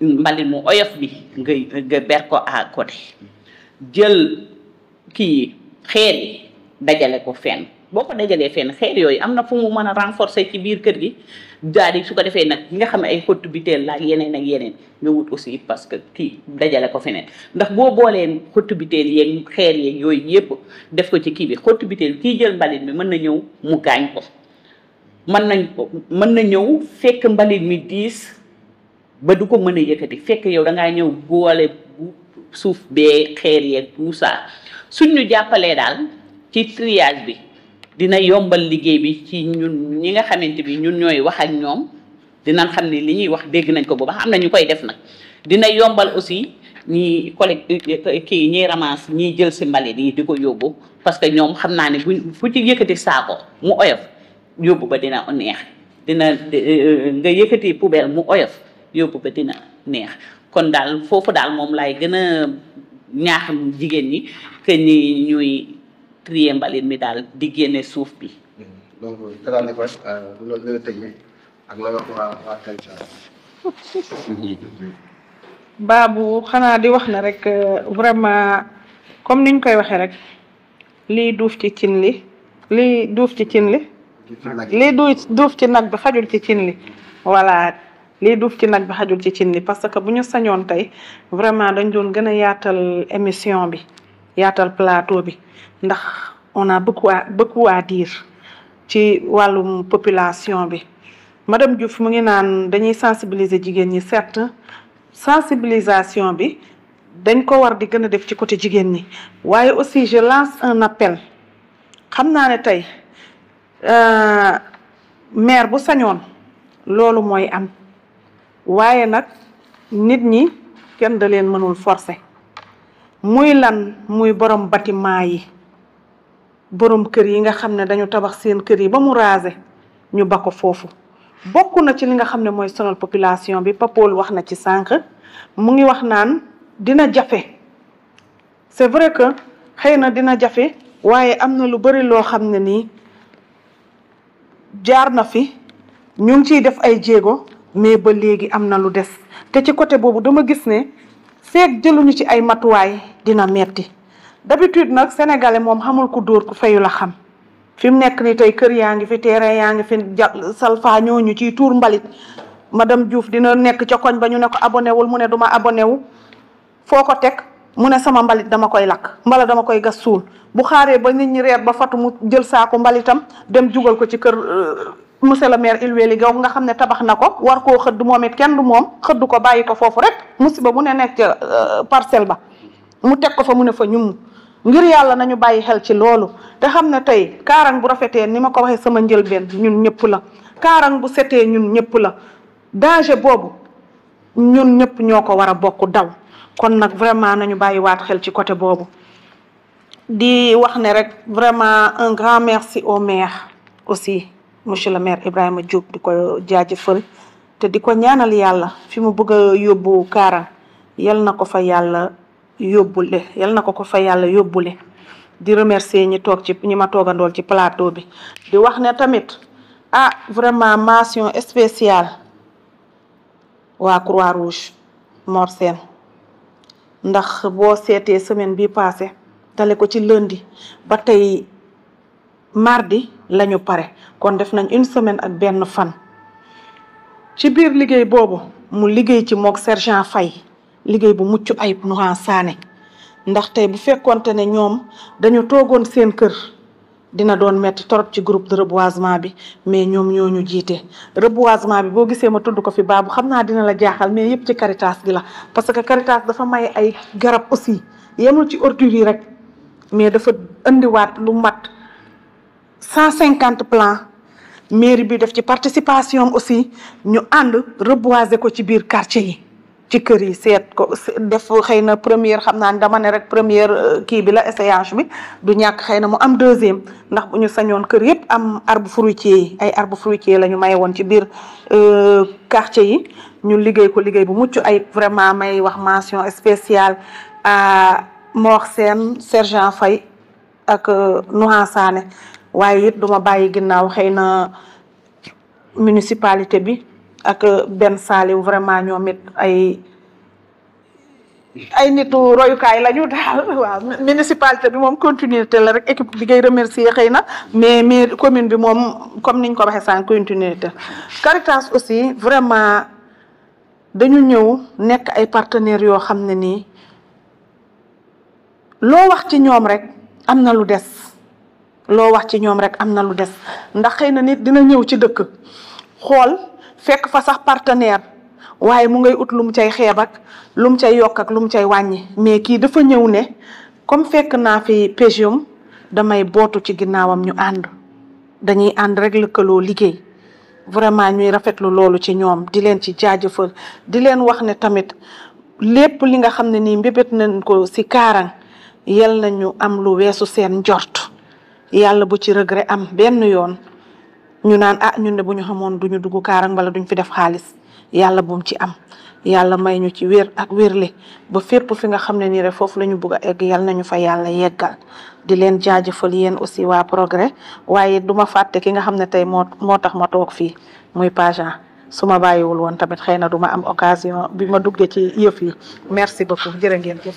mbalit mu oyof bi nga nga ber ko à côté jël kii xeer yi dajale ko fenn boo ko dajalee fenn xeer yooyu am na fu mu mën a renforcer ci biir kër gi daal yi su ko defee nag nga xam ne ay xottu biteel la yeneen ak yeneen nga wut aussi parce que kii dajale ko feneen ndax boo boolee xottu biteel yeeg xeer yeeg yooyu yëpp def ko ci kii bi xottu biteel kii jël mbalit mi mën na ñëw mu gaañ ko mën nañ ko na ñëw fekk mbalit mi diis ba du ko mën a yëkkati fekk yow dangaa ñëw boole suuf bee xeer yeeg tout suñ ñu jàppalee daal ci triage bi dina yombal liggéey bi ci ñun ñi nga xamante bi ñun ñooy wax ak ñoom dinañ xam ne li ñuy wax dégg nañ ko boobaax am na ñu koy def nag dina yombal aussi ñi collecte kii ñiy ramance ñiy jël si mbali yi di ko yóbbu parce que ñoom xam naa ne buñ fu ci yëkkati saako mu oyof yóbbu ba dina neex dina euh, nga yëkkati poubelle mu oyof yóbbu ba dina neex kon daal foofu daal moom lay gën a ñaax jigéen ñi que ñi ñuy trier mbalit mi daal di
génne suuf bi. Mm-hmm. donc daraa euh, loolu la tëjee ak
mm-hmm. xanaa di wax na rek euh, vraiment comme niñ koy waxee rek lii duuf ci cin li lii duuf ci cin li. lii duuf ci nag bi xajul ci cin li voilà. lii duuf ci nag bi xajul ci cin li parce que bu ñu sañoon tey vraiment dañ doon gën a yaatal émission bi yaatal plateau bi ndax on a beaucoup à beaucoup à ci wàllum population bi madame Diouf mu ngi naan dañuy sensibiliser jigéen ñi certes sensibilisation bi dañ ko war di gën a def ci côté jigéen ñi waaye aussi je lance un appel xam naa ne tey euh, maire bu sañoon loolu mooy am waaye nag nit ñi kenn da leen mënul forcer muy lan muy borom bâtiment yi borom kër yi nga xam ne dañu tabax seen kër yi ba mu raser ñu bakko foofu bokk na ci li nga xam ne mooy sonal population bi Papoul wax na ci sànq mu ngi wax naan dina jafe c'est vrai que xëy na dina jafe waaye am na lu bari loo xam ne nii jaar na fi ñu ngi ciy def ay jéego mais ba léegi am na lu des te ci côté boobu dama gis ne feeg jëluñu ci ay matuwaay dina metti d'habitude nag sénégalais moom xamul ku dóor ku fayu la xam fi mu nekk ni tey kër yaa ngi fi terrain yaa ngi fi salfa ñooñu ciy tuur mbalit ma madame Diouf dina nekk ca koñ ba ñu ne ko abonné wul mu ne duma abonné wu foo ko teg mu ne sama mbalit dama koy lakk mbala dama koy gas suul bu xaaree ba nit ñi reer ba fatu mu jël saako mbalitam dem jugal ko ci kër euh, monsieur le maire Ilweli Gaw nga xam ne tabax na ko war koo xëdd moom it kenn du moom xëdd ko bàyyi ko foofu rek musiba mu ne nekk euh, parcelle ba mu teg ko fa mu ne fa ñum ngir yàlla nañu bàyyi xel ci loolu te xam ne tey kaarang bu rafetee ni ma ko waxee sama njëlbeen ñun ñëpp la kaarang bu setee ñun ñëpp la danger boobu ñun ñëpp ñoo ko war a bokk daw kon nag vraiment nañu bàyyi waat xel ci côté boobu di wax ne rek vraiment un grand merci au maire aussi monsieur le maire Ibrahima Diop di ko jaajëfal te di ko ñaanal yàlla fi mu bëgg a yóbbu Kaarang yal na ko fa yàlla yóbbule yal na ko ko fa yàlla yóbbule di remercier ñi toog ci ñi ma toogandool ci plateau bi di wax ne tamit ah vraiment mention spéciale waa Croix Rouge Mor ndax boo seetee semaine bi passé dale ko ci lëndi ba tey mardi lañu pare kon def nañ une semaine ak benn fan ci biir liggéey boobu mu liggéey ci moog sergent fay liggéey bu mucc ayib Nouran Sané ndaxte tey bu fekkonte ne ñoom dañu toogoon seen kër dina doon metti trop ci groupe de reboisement bi mais ñoom ñoo ñu jiite reboisement bi boo gisee ma tudd ko fi baabu xam naa dina la jaaxal mais yëpp ci Caritas gi la parce que Caritas dafa may ay garab aussi yemul ci ordures yi rek mais dafa indiwaat lu mat cent cinquante plans mairie bi def ci participation aussi ñu ànd reboiser ko ci biir quartier yi ci kër yi seet ko def xëy na première xam naa dama ne rek première euh, kii bi la essayage bi du ñàkk xëy na mu am deuxième ndax bu ñu sañoon kër yëpp am arbre fruitier yi ay arbre fruitier la ñu may woon ci biir euh, quartier yi ñu liggéey ko liggéey bu mucc ay vraiment may wax mention spéciale à Mor seen Sergent fay ak euh, Nouha waaye it duma bàyyi ginnaaw xëy na municipalité bi ak benn saaliw vraiment ñoomit ay ay nitu royukaay la ñu daal waaw municipalité bi moom continuité la rek équipe bi ngay remercier xëy na mais mais commune bi moom comme niñ ko waxee sànq continuité Caritas aussi vraiment dañu ñëw nekk ay partenaires yoo xam ne nii loo wax ci ñoom rek am na lu des loo wax ci ñoom rek am na lu des ndax xëy na nit dina ñëw ci dëkk xool fekk fa sax partenaire waaye mu ngay ut lu mu cay xeeb ak lu mu cay yokk lu mu cay wàññi mais kii dafa ñëw ne comme fekk naa fi Pejum damay bootu ci ginnaawam ñu ànd dañuy ànd rek lëkkaloo liggéey vraiment ñuy rafetlu loolu ci ñoom di leen ci jaajëfal di leen wax ne tamit lépp li nga xam ne nii mbébét nañ ko si Kaarang yal nañu am lu weesu seen njort yàlla bu ci regret am benn yoon ñu naan ah ñun ne bu ñu xamoon duñu dugg kaarang wala duñ fi def xaalis yàlla bum ci am yàlla may ñu ci wér ak wérle ba fépp fi nga xam ne nii rek foofu la ñu bugg egg yal nañu fa yàlla yeggal di leen jaajëfal yéen aussi waa progrès waaye duma fàtte ki nga xam ne tey moo moo tax ma toog fii muy Paja suma ma bàyyiwul woon tamit xëy na duma am occasion bi ma duggee ci yëf yi merci beaucoup jërë ngeen jëf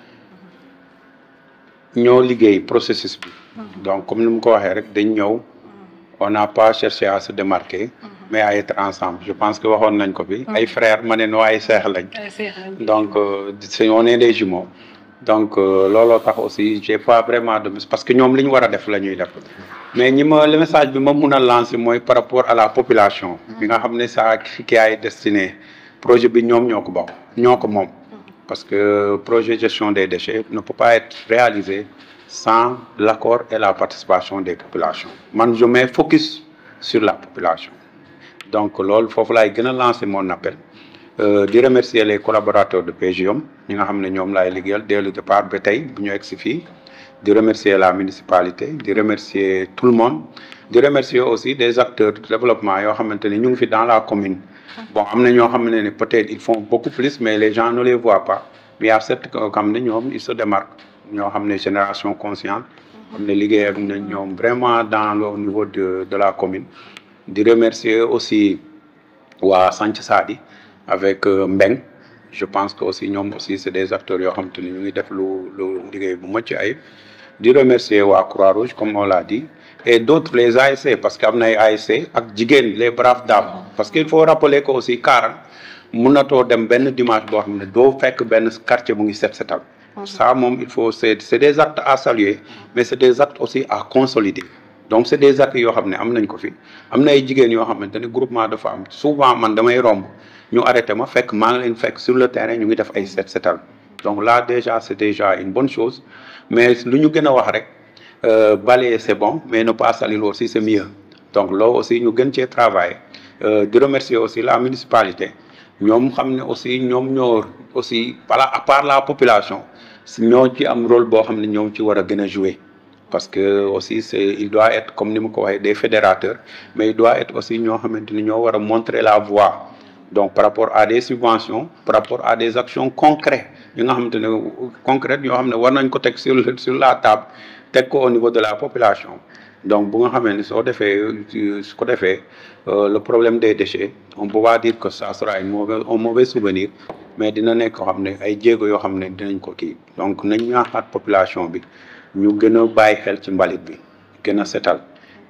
ñoo liggéey processus bi mhm. donc comme ni mu ko waxee rek dañ ñëw mhm. on n'a pas cherché à se démarquer mhm. mais à être ensemble je pense que waxoon nañ ko bi ay frères ma ne noo ay seex lañ donc c'est euh, on est des jumeaux donc euh, looloo tax aussi j'ai pas vraiment de parce que ñoom li ñu war def la ñuy def mais ñi ma le message bi ma mun a lancer mooy par rapport à la population bi nga xam ne ça qui ay destiné projet bi ñoom ñoo ko bokk ñoo ko moom parce que projet gestion des déchets ne peut pas être réalisé sans l'accord et la participation des populations man je mets focus sur la population donc loolu foofu lay gën a lancer mon appel euh, di remercier les collaborateurs de PGIOM ñi nga xam ne ñoom laay liggéeyal dès le départ ba tey bu ñu egg si fii di remercier la municipalité di remercier tout le monde di remercier aussi des acteurs de développement yoo xamante ni ñu ngi fi dans la commune bon am na ñoo xam ne ne peut-être ils font beaucoup plus mais les gens ne les voient pas mais y a certes yoo xam ne ñoom ils se démarquent ñoo xam ne génération consciente am ne liggéey ak na ñoom vraiment dans le niveau de de la commune di remercier aussi waa Sanc Saadi avec euh, Mbeng je pense que aussi ñoom aussi c'est des acteurs yoo xam te ne ñu ngi def lu liggéey bu mucc ay di remercier waa Croix-Rouge comme on l'a dit et d'autres les ASC parce que am na ay ASC ak jigéen les braves dames ah. parce que il faut rappeler que aussi na too dem benn dimanche boo xam ne doo fekk benn quartier mu ngi set setal ah. ça moom il faut c' des actes à saluer ah. mais c' est des actes aussi à consolider donc c' des actes yoo xam ne am nañ ko fi am na ay jigéen yoo xamante ne groupement de femmes souvent man damay romb ñu arrêté ma fekk maa ngi leen fekk sur le terrain ñu ngi def ay set setal donc la déjà c' est une bonne chose mais lu ñu gën a wax rek euh, balayer c'est bon mais ne pas salir aussi c'est mieux donc loo aussi ñu gën cee travail euh, di remercier aussi la municipalité ñoom xam ne aussi ñoom ñoo aussi par à part la population ñoo ci am rôle boo xam ne ñoom ci war a gën a jouer parce que aussi c'est il doit être comme ni ma ko waxee des fédérateurs mais il doit être aussi ñoo xamante ni ñoo war a montrer la voie donc par rapport à des subventions par rapport à des actions concrètes yi xamante ne concrètes yoo xam ne war nañ ko teg sur sur la table teg ko au niveau de la population donc bu nga xamee ni soo defee su ko defee euh, le problème des déchets on peut pas dire que ça sera une mauvaise un mauvais souvenir mais dina nekk koo xam ne ay jéego yoo xam ne dinañ ko kii donc nañ ñaaxaat population bi ñu gën a bàyyi xel ci mbalit bi gën a setal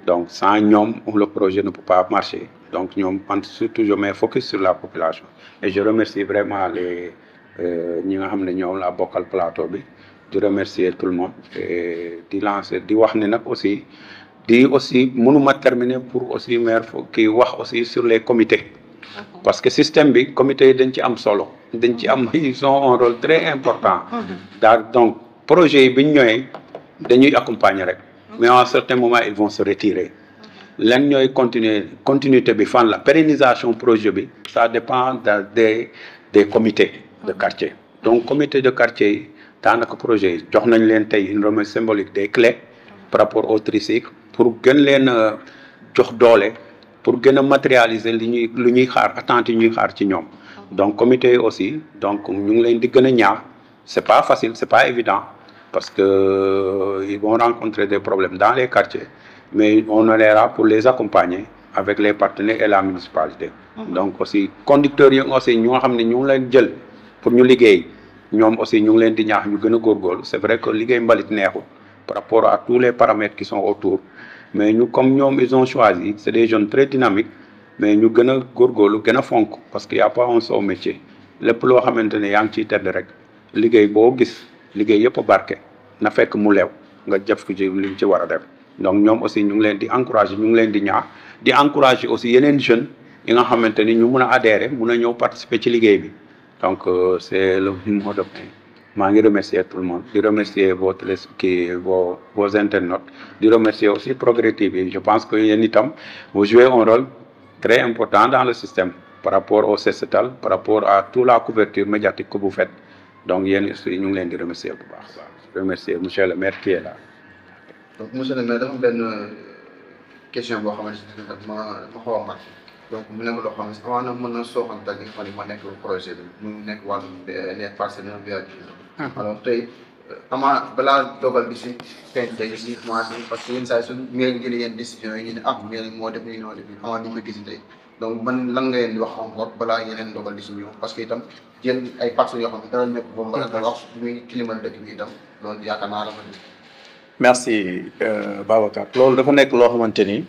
donc sans ñoom le projet ne peut pas marcher donc ñoom man surtout je mets focus sur la population et je remercie vraiment les euh, ñi nga xam ne ñoom laa bokkal plateau bi di remercier tout le monde et di lancer di wax ne nag aussi di aussi mënuma terminer pour aussi maire kii wax aussi sur les comités parce que système bi comité yi dañ ci am solo dañ ci am ils ont un rôle très important daal donc projet bi ñu ñëwee dañuy accompagner rek mais à un certain moment ils von se retirer lan ñooy continuer continuité bi fan la pérennisation projet bi ça dépend des des comités de quartier donc comité de quartier yi daanaka projet jox nañ leen tey une remise symbolique des clés par rapport au tricycle pour gën leen euh, jox doole pour gën a matérialiser li ñuy lu ñuy xaar attentes yi ñuy xaar ci ñoom donc comité yi aussi donc ñu ngi leen di gën a ñaax c'est pas facile c'est pas évident parce que euh, ils vont rencontrer des problèmes dans les quartiers mais on est là pour les accompagner avec les partenaires et la municipalité mmh. donc aussi conducteurs yi aussi xam ne ñu ngi leen jël pour ñu liggéey ñoom aussi ñu ngi leen di ñaax ñu gën a góorgóorlu c'est vrai que liggéey mbalit neexul par rapport a tous les paramètres qui sont autour mais ñu comme ñoom ison ont choisi c'est des jeunes très dynamiques mais ñu gën a góorgóorlu gën a fonk parce que y a pas un seul lépp loo xamante ne yaa ngi ciy tedd rek liggéey boo gis liggéey yëpp a barke na fekk mu lew nga jëf ci liñ ci war a def donc ñoom aussi ñu ngi leen di encourager ñu ngi leen di ñaax di encourager aussi yeneen jeunes yi nga xamante ni ñu mun a adhérer mun a ñëw participer ci liggéey bi donc euh, c'est le maa ngi remercier tout le monde di remercier vos télé kii vos vos internautes di remercier aussi Progrès TV je pense que yéen itam vous jouez un rôle très important dans le système par rapport au Sestal par rapport à toute la couverture médiatique que vous faites donc yéen aussi ñu ngi leen di remercier bu baax baax remercier monsieur le maire qui est là.
donc monsieur le maire dafa am benn euh, question boo xamante donc mu nekk loo xam ne avant na mën na sooxantal li nga xam ne moo nekk projet bi mu nekk wàllum les parcelles non uh-huh. alors tey euh, amaa balaa dogal bi si feeñ tey si commencé parce que yenn saa yi suñ mairie jëlee yenn décision yi ñu ne ah mairie moo def nii noo def nii amaa duñ ko gis tey donc man lan nga leen di wax encore balaa yeneen dogal di si ñëw parce que itam jël ay parcelles yoo xam ne dara nekk ba mën a wax muy climat dëkk bi itam loolu yaakaar naa la
merci euh, Babacar loolu dafa nekk loo xamante ni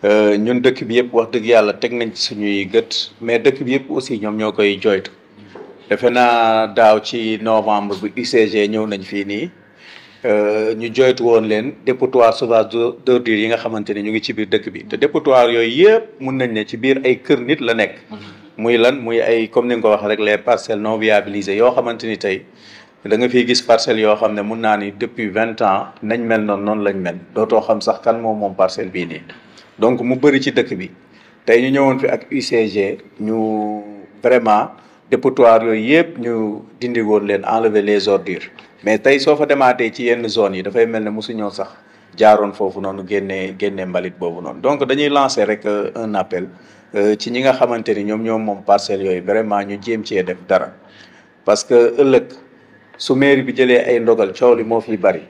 Euh, ñun dëkk bi yëpp wax dëgg yàlla teg nañ ci suñuy gët mais dëkk bi yëpp aussi ñoom ñoo koy joytu defe naa daaw ci novembre bu UCG ñëw nañ fii nii euh, ñu joytu woon leen dépotoir sauvage d'ordures yi nga xamante ne ñu ngi ci biir dëkk bi te dépotoir yooyu yëpp mun nañ ne ci biir ay kër nit la nekk mm-hmm. muy lan muy ay comme ni nga ko wax rek les parcelles non viabilisées yoo xamante ni tey da nga fiy gis parcelles yoo xam ne mun naa ni depuis vingt ans nañ mel noonu noonu lañ mel dootoo xam sax kan moom moom parcelle bii nii donc mu bëri ci dëkk bi tey ñu ñëwoon fi ak UCG ñu vraiment dépotoir yooyu yëpp ñu dindi woon leen enlever les ordures mais tey soo fa demaatee ci yenn zones yi dafay mel ne mosu sax jaaroon foofu noonu génnee génne mbalit boobu noonu donc dañuy lancer rek euh, un appel euh, ci ñi nga xamante ni ñoom ñoom moom parcelles yooyu vraiment ñu jéem cee def dara parce que ëllëg su mairie bi jëlee ay ndogal coow li moo fiy bari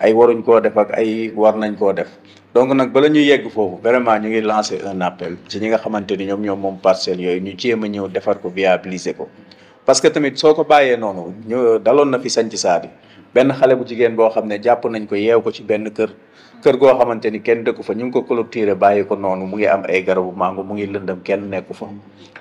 ay waruñ koo def ak ay war nañ koo def donc nag bala ñu yegg foofu vraiment ñu ngi lancer un appel ci ñi nga xamante ni ñoom ñoom moom parcelle yooyu ñu jéem a ñëw defar ko viabiliser ko parce que tamit soo ko bàyyee noonu ñu daloon na fi sanc saa bi benn xale bu jigéen boo xam ne jàpp nañ ko yeew ko ci benn kër kër goo xamante ni kenn dëkku fa ñu ngi ko clôturer bàyyi ko noonu mu ngi am ay garabu mango mu ngi lëndam kenn nekku fa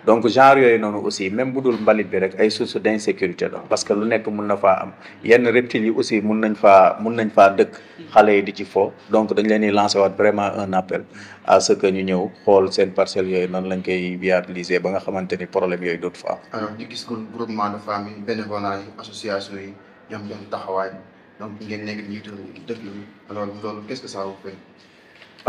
donc genre yooyu noonu aussi même bu dul mbalit bi rek ay source d'insécurité la parce que lu nekk mun na faa am yenn reptiles yi aussi mun nañ faa mun nañ faa dëkk xale yi di ci fo donc dañ leen di lancer waat vraiment un appel à ce que ñu ñëw xool seen parcelles yooyu nan lañ koy viabiliser ba nga xamante ni problème yooyu dootu fa am.
alors gis ko groupement de femmes yi bénévolat yi association yi ñoom ñoom taxawaay. donc ngeen nekk ñuy déglu alors loolu qu'est-ce que ça vous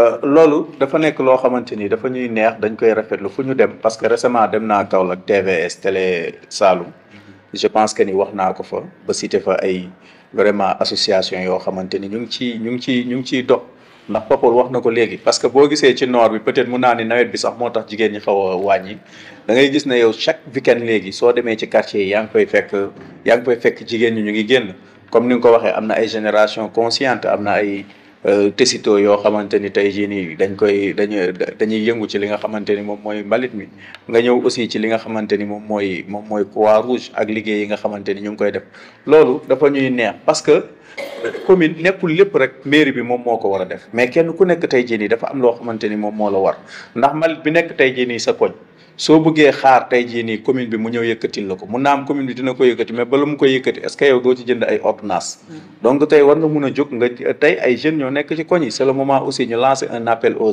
euh, loolu dafa nekk loo xamante ni dafa ñuy neex dañ koy rafetlu fu ñu dem parce que récemment dem naa Kaolack TVS télé saalum mm-hmm. je pense que ni wax naa ko fa ba cité fa ay vraiment association yoo xamante ni ñu ngi ciy ñu ngi ciy ñu ngi ciy dox ndax Popol wax na ko léegi parce que boo gisee ci noor bi peut-être mun naa ni nawet bi sax moo tax jigéen ñi xaw a wàññi da ngay gis ne yow chaque week léegi soo demee ci quartier yi yaa ngi koy fekk yaa ngi koy fekk jigéen ñi ñu ngi génn. comme ni nga ko waxee am na ay génération consciente am na ay euh, tessito yoo xamante ni tey jii nii dañ koy dañuy dañuy yëngu ci li nga xamante ni moom mooy mbalit mi nga ñëw aussi ci li nga xamante ni moom mooy moom mooy croix rouge ak liggéey yi nga xamante ni ñu ngi koy def loolu dafa ñuy neex parce que euh, commune nekkul lépp rek mairie bi moom moo ko war a def mais kenn ku nekk tey jii nii dafa am loo xamante ni moom moo la war ndax mbalit bi nekk tey jii nii sa koñ soo bëggee xaar tey jii commune bi mu ñëw yëkkatil la ko mun naa am commune bi dina ko yëkkati mais bala mu ko yëkkati est-ce que yow doo ci jënd ay ordonnance mm. donc tey war nga mun a jóg nga tey ay jeunes ñoo nekk ci koñ yi c'est le moment aussi ñu lancer un appel aux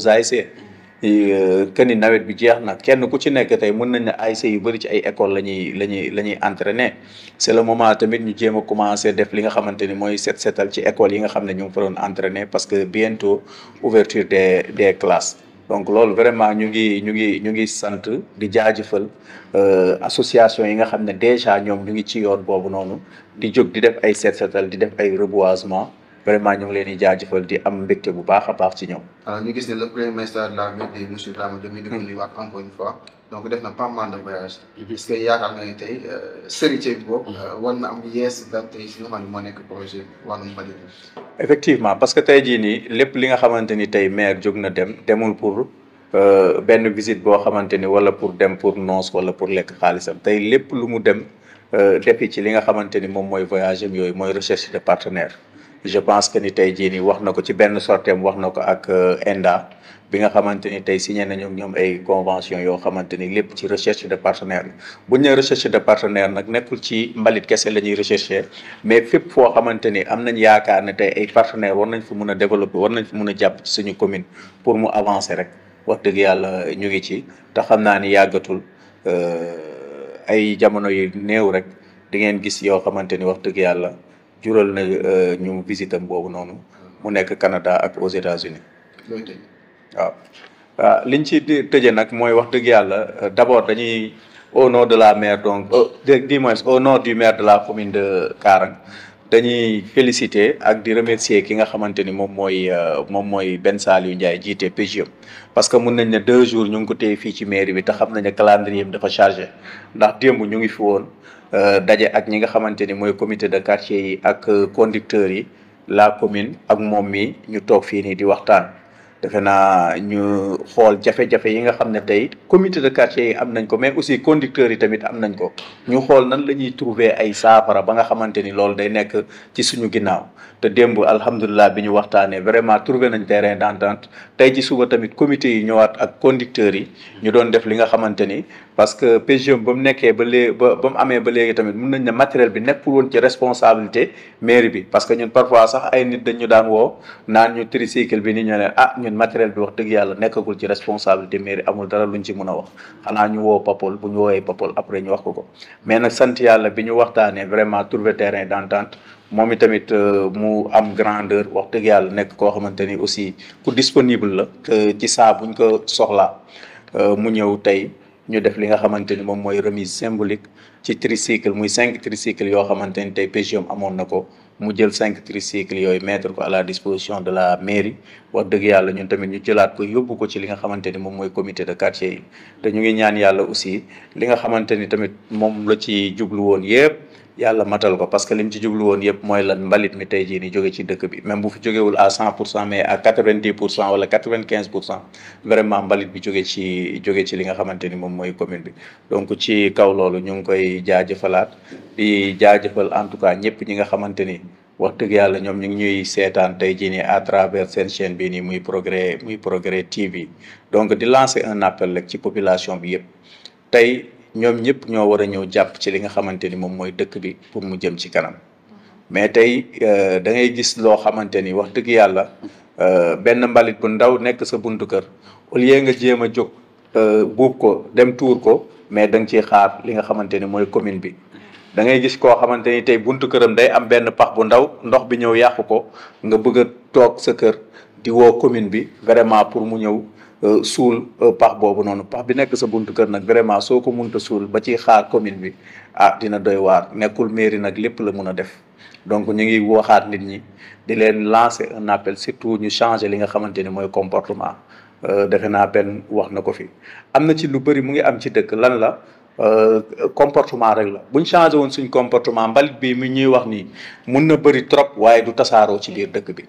euh, que ni nawet bi jeex na kenn ku ci nekk tey mën nañ ne ASC yu bëri ci ay école la ñuy la ñuy la ñuy entraîner c'est le moment tamit ñu jéem a commencer def li nga xamante ni mooy set setal ci école yi nga xam ne ñu ngi fa doon entraîner parce que bientôt ouverture des des classes donc loolu vraiment ñu ngi ñu ngi ñu ngi sant di jaajëfal euh, association yi nga xam ne déjà ñoom ñu ngi ci yoon boobu noonu di jóg di def ay seet seetal di def ay reboisement vraiment ñu ngi leen di jaajëfal di am mbégte bu baax a baax ci ñoom.
Ah, ñu gis ne le premier ministre de la Médina monsieur Dramé Domi di ko nuyuwaat encore une fois. donc def na pas mal de voyage puisque yaakaar nga ne tey euh, sérité bi boobu mm-hmm. euh, war na am yees ba tey si nga xam moo nekk projet wàllum mbali
effectivement parce que tey jii nii lépp li nga xamante ni tey maire jóg na dem demul pour euh, benn visite boo xamante ni wala pour dem pour noos wala pour lekk xaalisam tey lépp lu mu dem defi ci li nga xamante ni moom mooy voyage yooyu mooy recherche de partenaire je pense que ni tey jii nii wax na ko ci benn sorteem wax na ko ak euh, ENDA bi nga xamante ni tey signé nañu ñoom ay convention yoo xamante ni lépp ci recherche de partenaire bu ñu nee recherche de partenaire nag nekkul ci mbalit kese la ñuy rechercher mais fépp foo xamante ni am nañ yaakaar ne tey ay partenaires war nañ fa mun a développer war nañ fa mun a jàpp suñu commune pour mu avancer rek wax dëgg yàlla ñu ngi ci te xam naa ni yàggatul euh, ay jamono yu néew rek di ngeen gis yoo xamante ni wax dëgg yàlla. jural na euh, ñu visitam boobu noonu mu nekk Canada ak aux États-Unis waaw waaw liñ ci tëje nag mooy wax dëgg yàlla euh, d'abord dañuy au nom de la maire donc oh. du moins au nom du maire de la commune de Karang dañuy féliciter ak di remercier ki nga xamante ni moom mooy euh, moom mooy Ben Saliou Ndiaye jiite PGIOM parce que mun nañ ne deux jours ñu ngi ko téye fii ci mairie bi te xam nañ ne calendrier bi dafa chargé ndax démb ñu ngi fi woon Euh, daje ak ñi nga xamante ni mooy comité de quartier yi ak euh, conducteurs yi la commune ak moom mi ñu toog fii nii di waxtaan defe naa ñu xool jafe-jafe yi nga xam ne tey comité de quartier yi am nañ ko mais aussi conducteurs yi tamit am nañ ko ñu xool nan la ñuy trouver ay saafara ba nga xamante ni loolu day nekk ci suñu ginnaaw te démb alhamdulilah bi ñu waxtaanee vraiment trouver nañ terrain d'entente tey ci suba tamit comité yi ñëwaat ak conducteurs yi ñu doon def li nga xamante ni parce que PGIOM ba mu nekkee ba léegi ba mu amee ba léegi tamit mun nañ ne matériel bi nekkul woon ci responsabilité mairie bi parce que ñun parfois sax ay nit dañ ñu daan woo naan ñu tricycle bi ni ñu leen a ah, ñun matériel bi wax dëgg yàlla nekkagul ci responsabilité mairie amul dara luñ ci mun a wax xanaa ñu woo Papol bu ñu woowee Papol après ñu wax ko ko mais nag sant yàlla bi ñu waxtaanee vraiment trouver terrain d'entente moom itamit euh, mu am grandeur wax dëgg yàlla nekk koo xamante ni aussi ku disponible la ci saa buñ ko soxlaa euh, mu ñëw tey. ñu def li nga xamante ni moom mooy remise symbolique ci tricycle muy cinq tricycle yoo xamante ni tey PGIOM amoon na ko mu jël cinq tricycle yooyu mettre ko à la disposition de la mairie wax dëgg yàlla ñun tamit ñu jëlaat ko yóbbu ko ci li nga xamante ni moom mooy comité de quartier yi te ñu ngi ñaan yàlla aussi li nga xamante ni tamit moom la ci jublu woon yépp yàlla matal ko parce que lim ci jublu woon yëpp mooy lan mbalit mi tey jii ni jóge ci dëkk bi même bu fi jógewul à cent pour cent mais à quatre vingt dix pour cent wala vraiment mbalit bi jóge ci jóge ci li nga xamante ni moom mooy commune bi donc ci kaw loolu ñu ngi koy jaajëfalaat di jaajëfal en tout cas ñëpp ñi nga xamante ni wax dëgg yàlla ñoom ñu ngi ñuy seetaan tey jii nii à travers seen chaîne bi nii muy progrès muy progrès TV donc di lancer un appel rek ci population bi yëpp ñoom ñëpp ñoo war a ñëw jàpp ci li nga xamante ni moom mooy dëkk bi pour mu jëm ci kanam mais tey euh, da ngay gis loo xamante ni wax dëgg yàlla euh, benn mbalit bu ndaw nekk sa buntu kër au lieu nga jéem a jóg euh, buub ko dem tuur ko mais da nga ciy xaar li nga xamante ni mooy commune bi da ngay gis koo xamante ni tey buntu këram day am benn pax bu ndaw ndox bi ñëw yàqu ko nga bëgg a toog sa kër di commune bi vraiment pour mu ñëw Euh, suul euh, pax boobu noonu pax bi nekk sa buntu kër nag vraiment soo ko munta suul ba ci xaar commune bi ah dina doy waar nekkul mairie nag lépp la mun a def donc ñu ngi waxaat nit ñi di leen lancer un appel surtout ñu changer li nga xamante ni mooy comportement euh, defe naa benn wax na ko fi am na ci lu bëri mu ngi am ci dëkk lan la comportement rek la buñ changé woon suñ comportement mbalit bii mi ñuy wax nii mun na bëri trop waaye du tasaaroo ci biir dëkk bi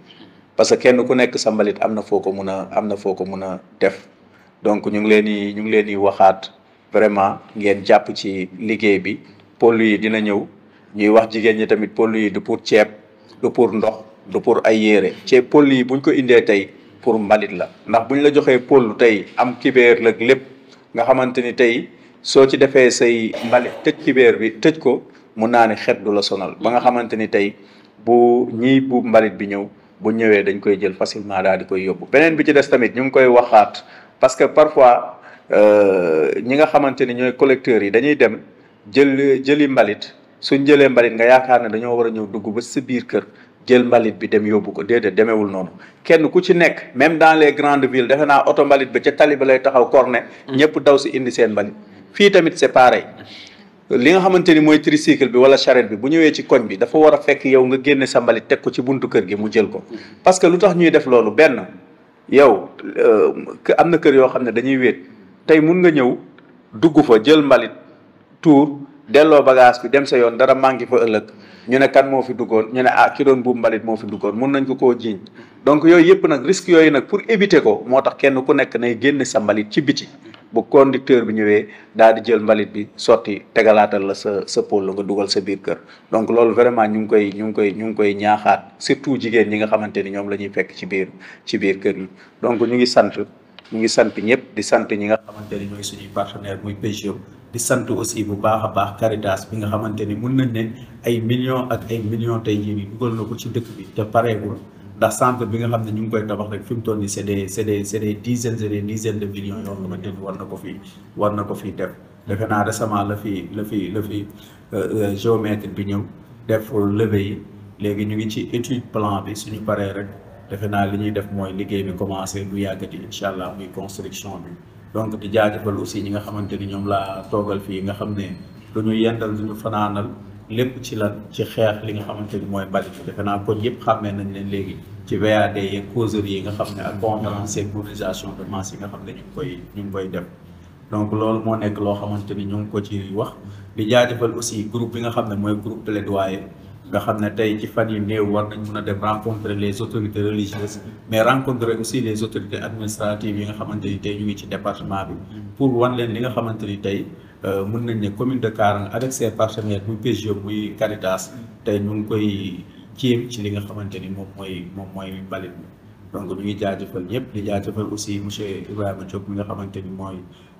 parce que kenn ku nekk sa mbalit am na foo ko mun a am na foo ko mun a def donc ñu ngi leen di ñu ngi leen di waxaat vraiment ngeen jàpp ci liggéey bi pôle yi dina ñëw ñuy wax jigéen ñi tamit pôle yi du pour ceeb du pour ndox du pour ay yére ceeb pôle yi buñ ko indee tey pour mbalit la ndax bu ñu la joxee pôle tey am kibéer la lépp nga xamante ni tey soo ci defee say mbalit tëj kibéer bi tëj ko mun naa ne xet du la sonal ba nga xamante ni tey bu ñii bu mbalit bi ñëw bu ñëwee dañ koy jël facilement daal di koy yóbbu beneen bi ci des tamit ñu ngi koy waxaat parce que parfois euh, ñi nga xamante ni ñooy collecteurs yi dañuy dem jël jëli mbalit suñ jëlee mbalit nga yaakaar ne dañoo war a ñëw dugg ba sa biir kër jël mbalit bi dem yóbbu ko déedéet demeewul noonu kenn ku ci nekk même dans les grandes villes defe naa auto mbalit bi ca tali ba lay taxaw corne mm. ñëpp daw si indi seen mbalit fii tamit c'est li nga xamante ni mooy tricycle bi wala charrette bi bu ñëwee ci koñ bi dafa war a fekk yow nga génne sa mbalit teg ko ci buntu kër gi mu jël ko mm-hmm. parce que lu tax ñuy def loolu benn yow euh, am na kër yoo xam ne dañuy wéet tey mun nga ñëw dugg fa jël mbalit tuur delloo bagage bi dem sa yoon dara manqué fa ëllëg ñu ne kan moo fi duggoon ñu ne ah ki doon buub mbalit moo fi duggoon mun nañ ko koo jiiñ mm-hmm. donc yooyu yëpp nag risque yooyu nag pour éviter ko moo tax kenn ku nekk nay génne sa mbalit ci bu conducteur bi ñëwee daal di jël mbalit bi sotti tegalaatal la sa sa pôle la nga dugal sa biir kër donc loolu vraiment ñu ngi koy ñu ngi koy ñu ngi koy ñaaxaat surtout jigéen ñi nga xamante ni ñoom la ñuy fekk ci biir ci biir kër yi donc ñu ngi sant ñu ngi sant ñëpp di sant ñi nga xamante ni ñooy suñuy partenaire muy PGIOM di sant aussi bu baax a baax Caritas bi nga xamante ni mun nañ ne ay millions ak ay millions tey ñii nii dugal na ko ci dëkk bi te pareegul ndax centre bi nga xam ne ñu ngi koy tabax rek fi mu ni nii c'est des c'est des c'est des dizaines et des dizaines de millions yoo war na ko fi war na ko fi def defe naa récemment la fi la fi la fi euh, euh, géomètre bi ñëw def levée léegi ñu ngi ci étude plan bi suñu paree rek defe naa li ñuy def mooy liggéey bi commencé lu yàggati incha allah muy construction bi donc di jaajëfal aussi ñi nga xamante ni ñoom laa toogal fii nga xam ne du ñu yendal du ñu fanaanal. lépp ci lan ci xeex li nga xamante ni mooy mbalit bi defe naa yëpp xàmmee nañ leen léegi ci VAD yeeg causeries yi nga xam ne ak conférence yeeg mobilisation de yi nga xam ne ñu ngi koy ñu ngi koy def donc loolu moo nekk loo xamante ni ñu ngi ko ci wax di jaajëfal aussi groupe bi nga xam ne mooy groupe plaidoyer nga xam ne tey ci fan yu néew war nañ mun a dem rencontrer les autorités religieuses mais rencontrer aussi les autorités administratives yi nga xamante ni tey ñu ngi ci département bi pour wan leen li nga xamante ni tey Euh, mën nañ ne commune de Karang avec ses partenaires muy PGE muy Caritas tey ñu koy ciim ci li nga xamante ni moom mooy moom mooy mbalit mi donc ñu ngi jaajëfal ñëpp di jaajëfal aussi monsieur Ibrahima Diop mi nga xamante ni mooy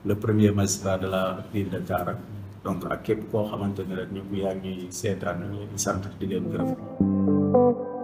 le premier magistrat de la ville de Karang donc ak képp koo xamante ni rek ñu ngi yaa seetaan ñu ngi sant di leen gërëm.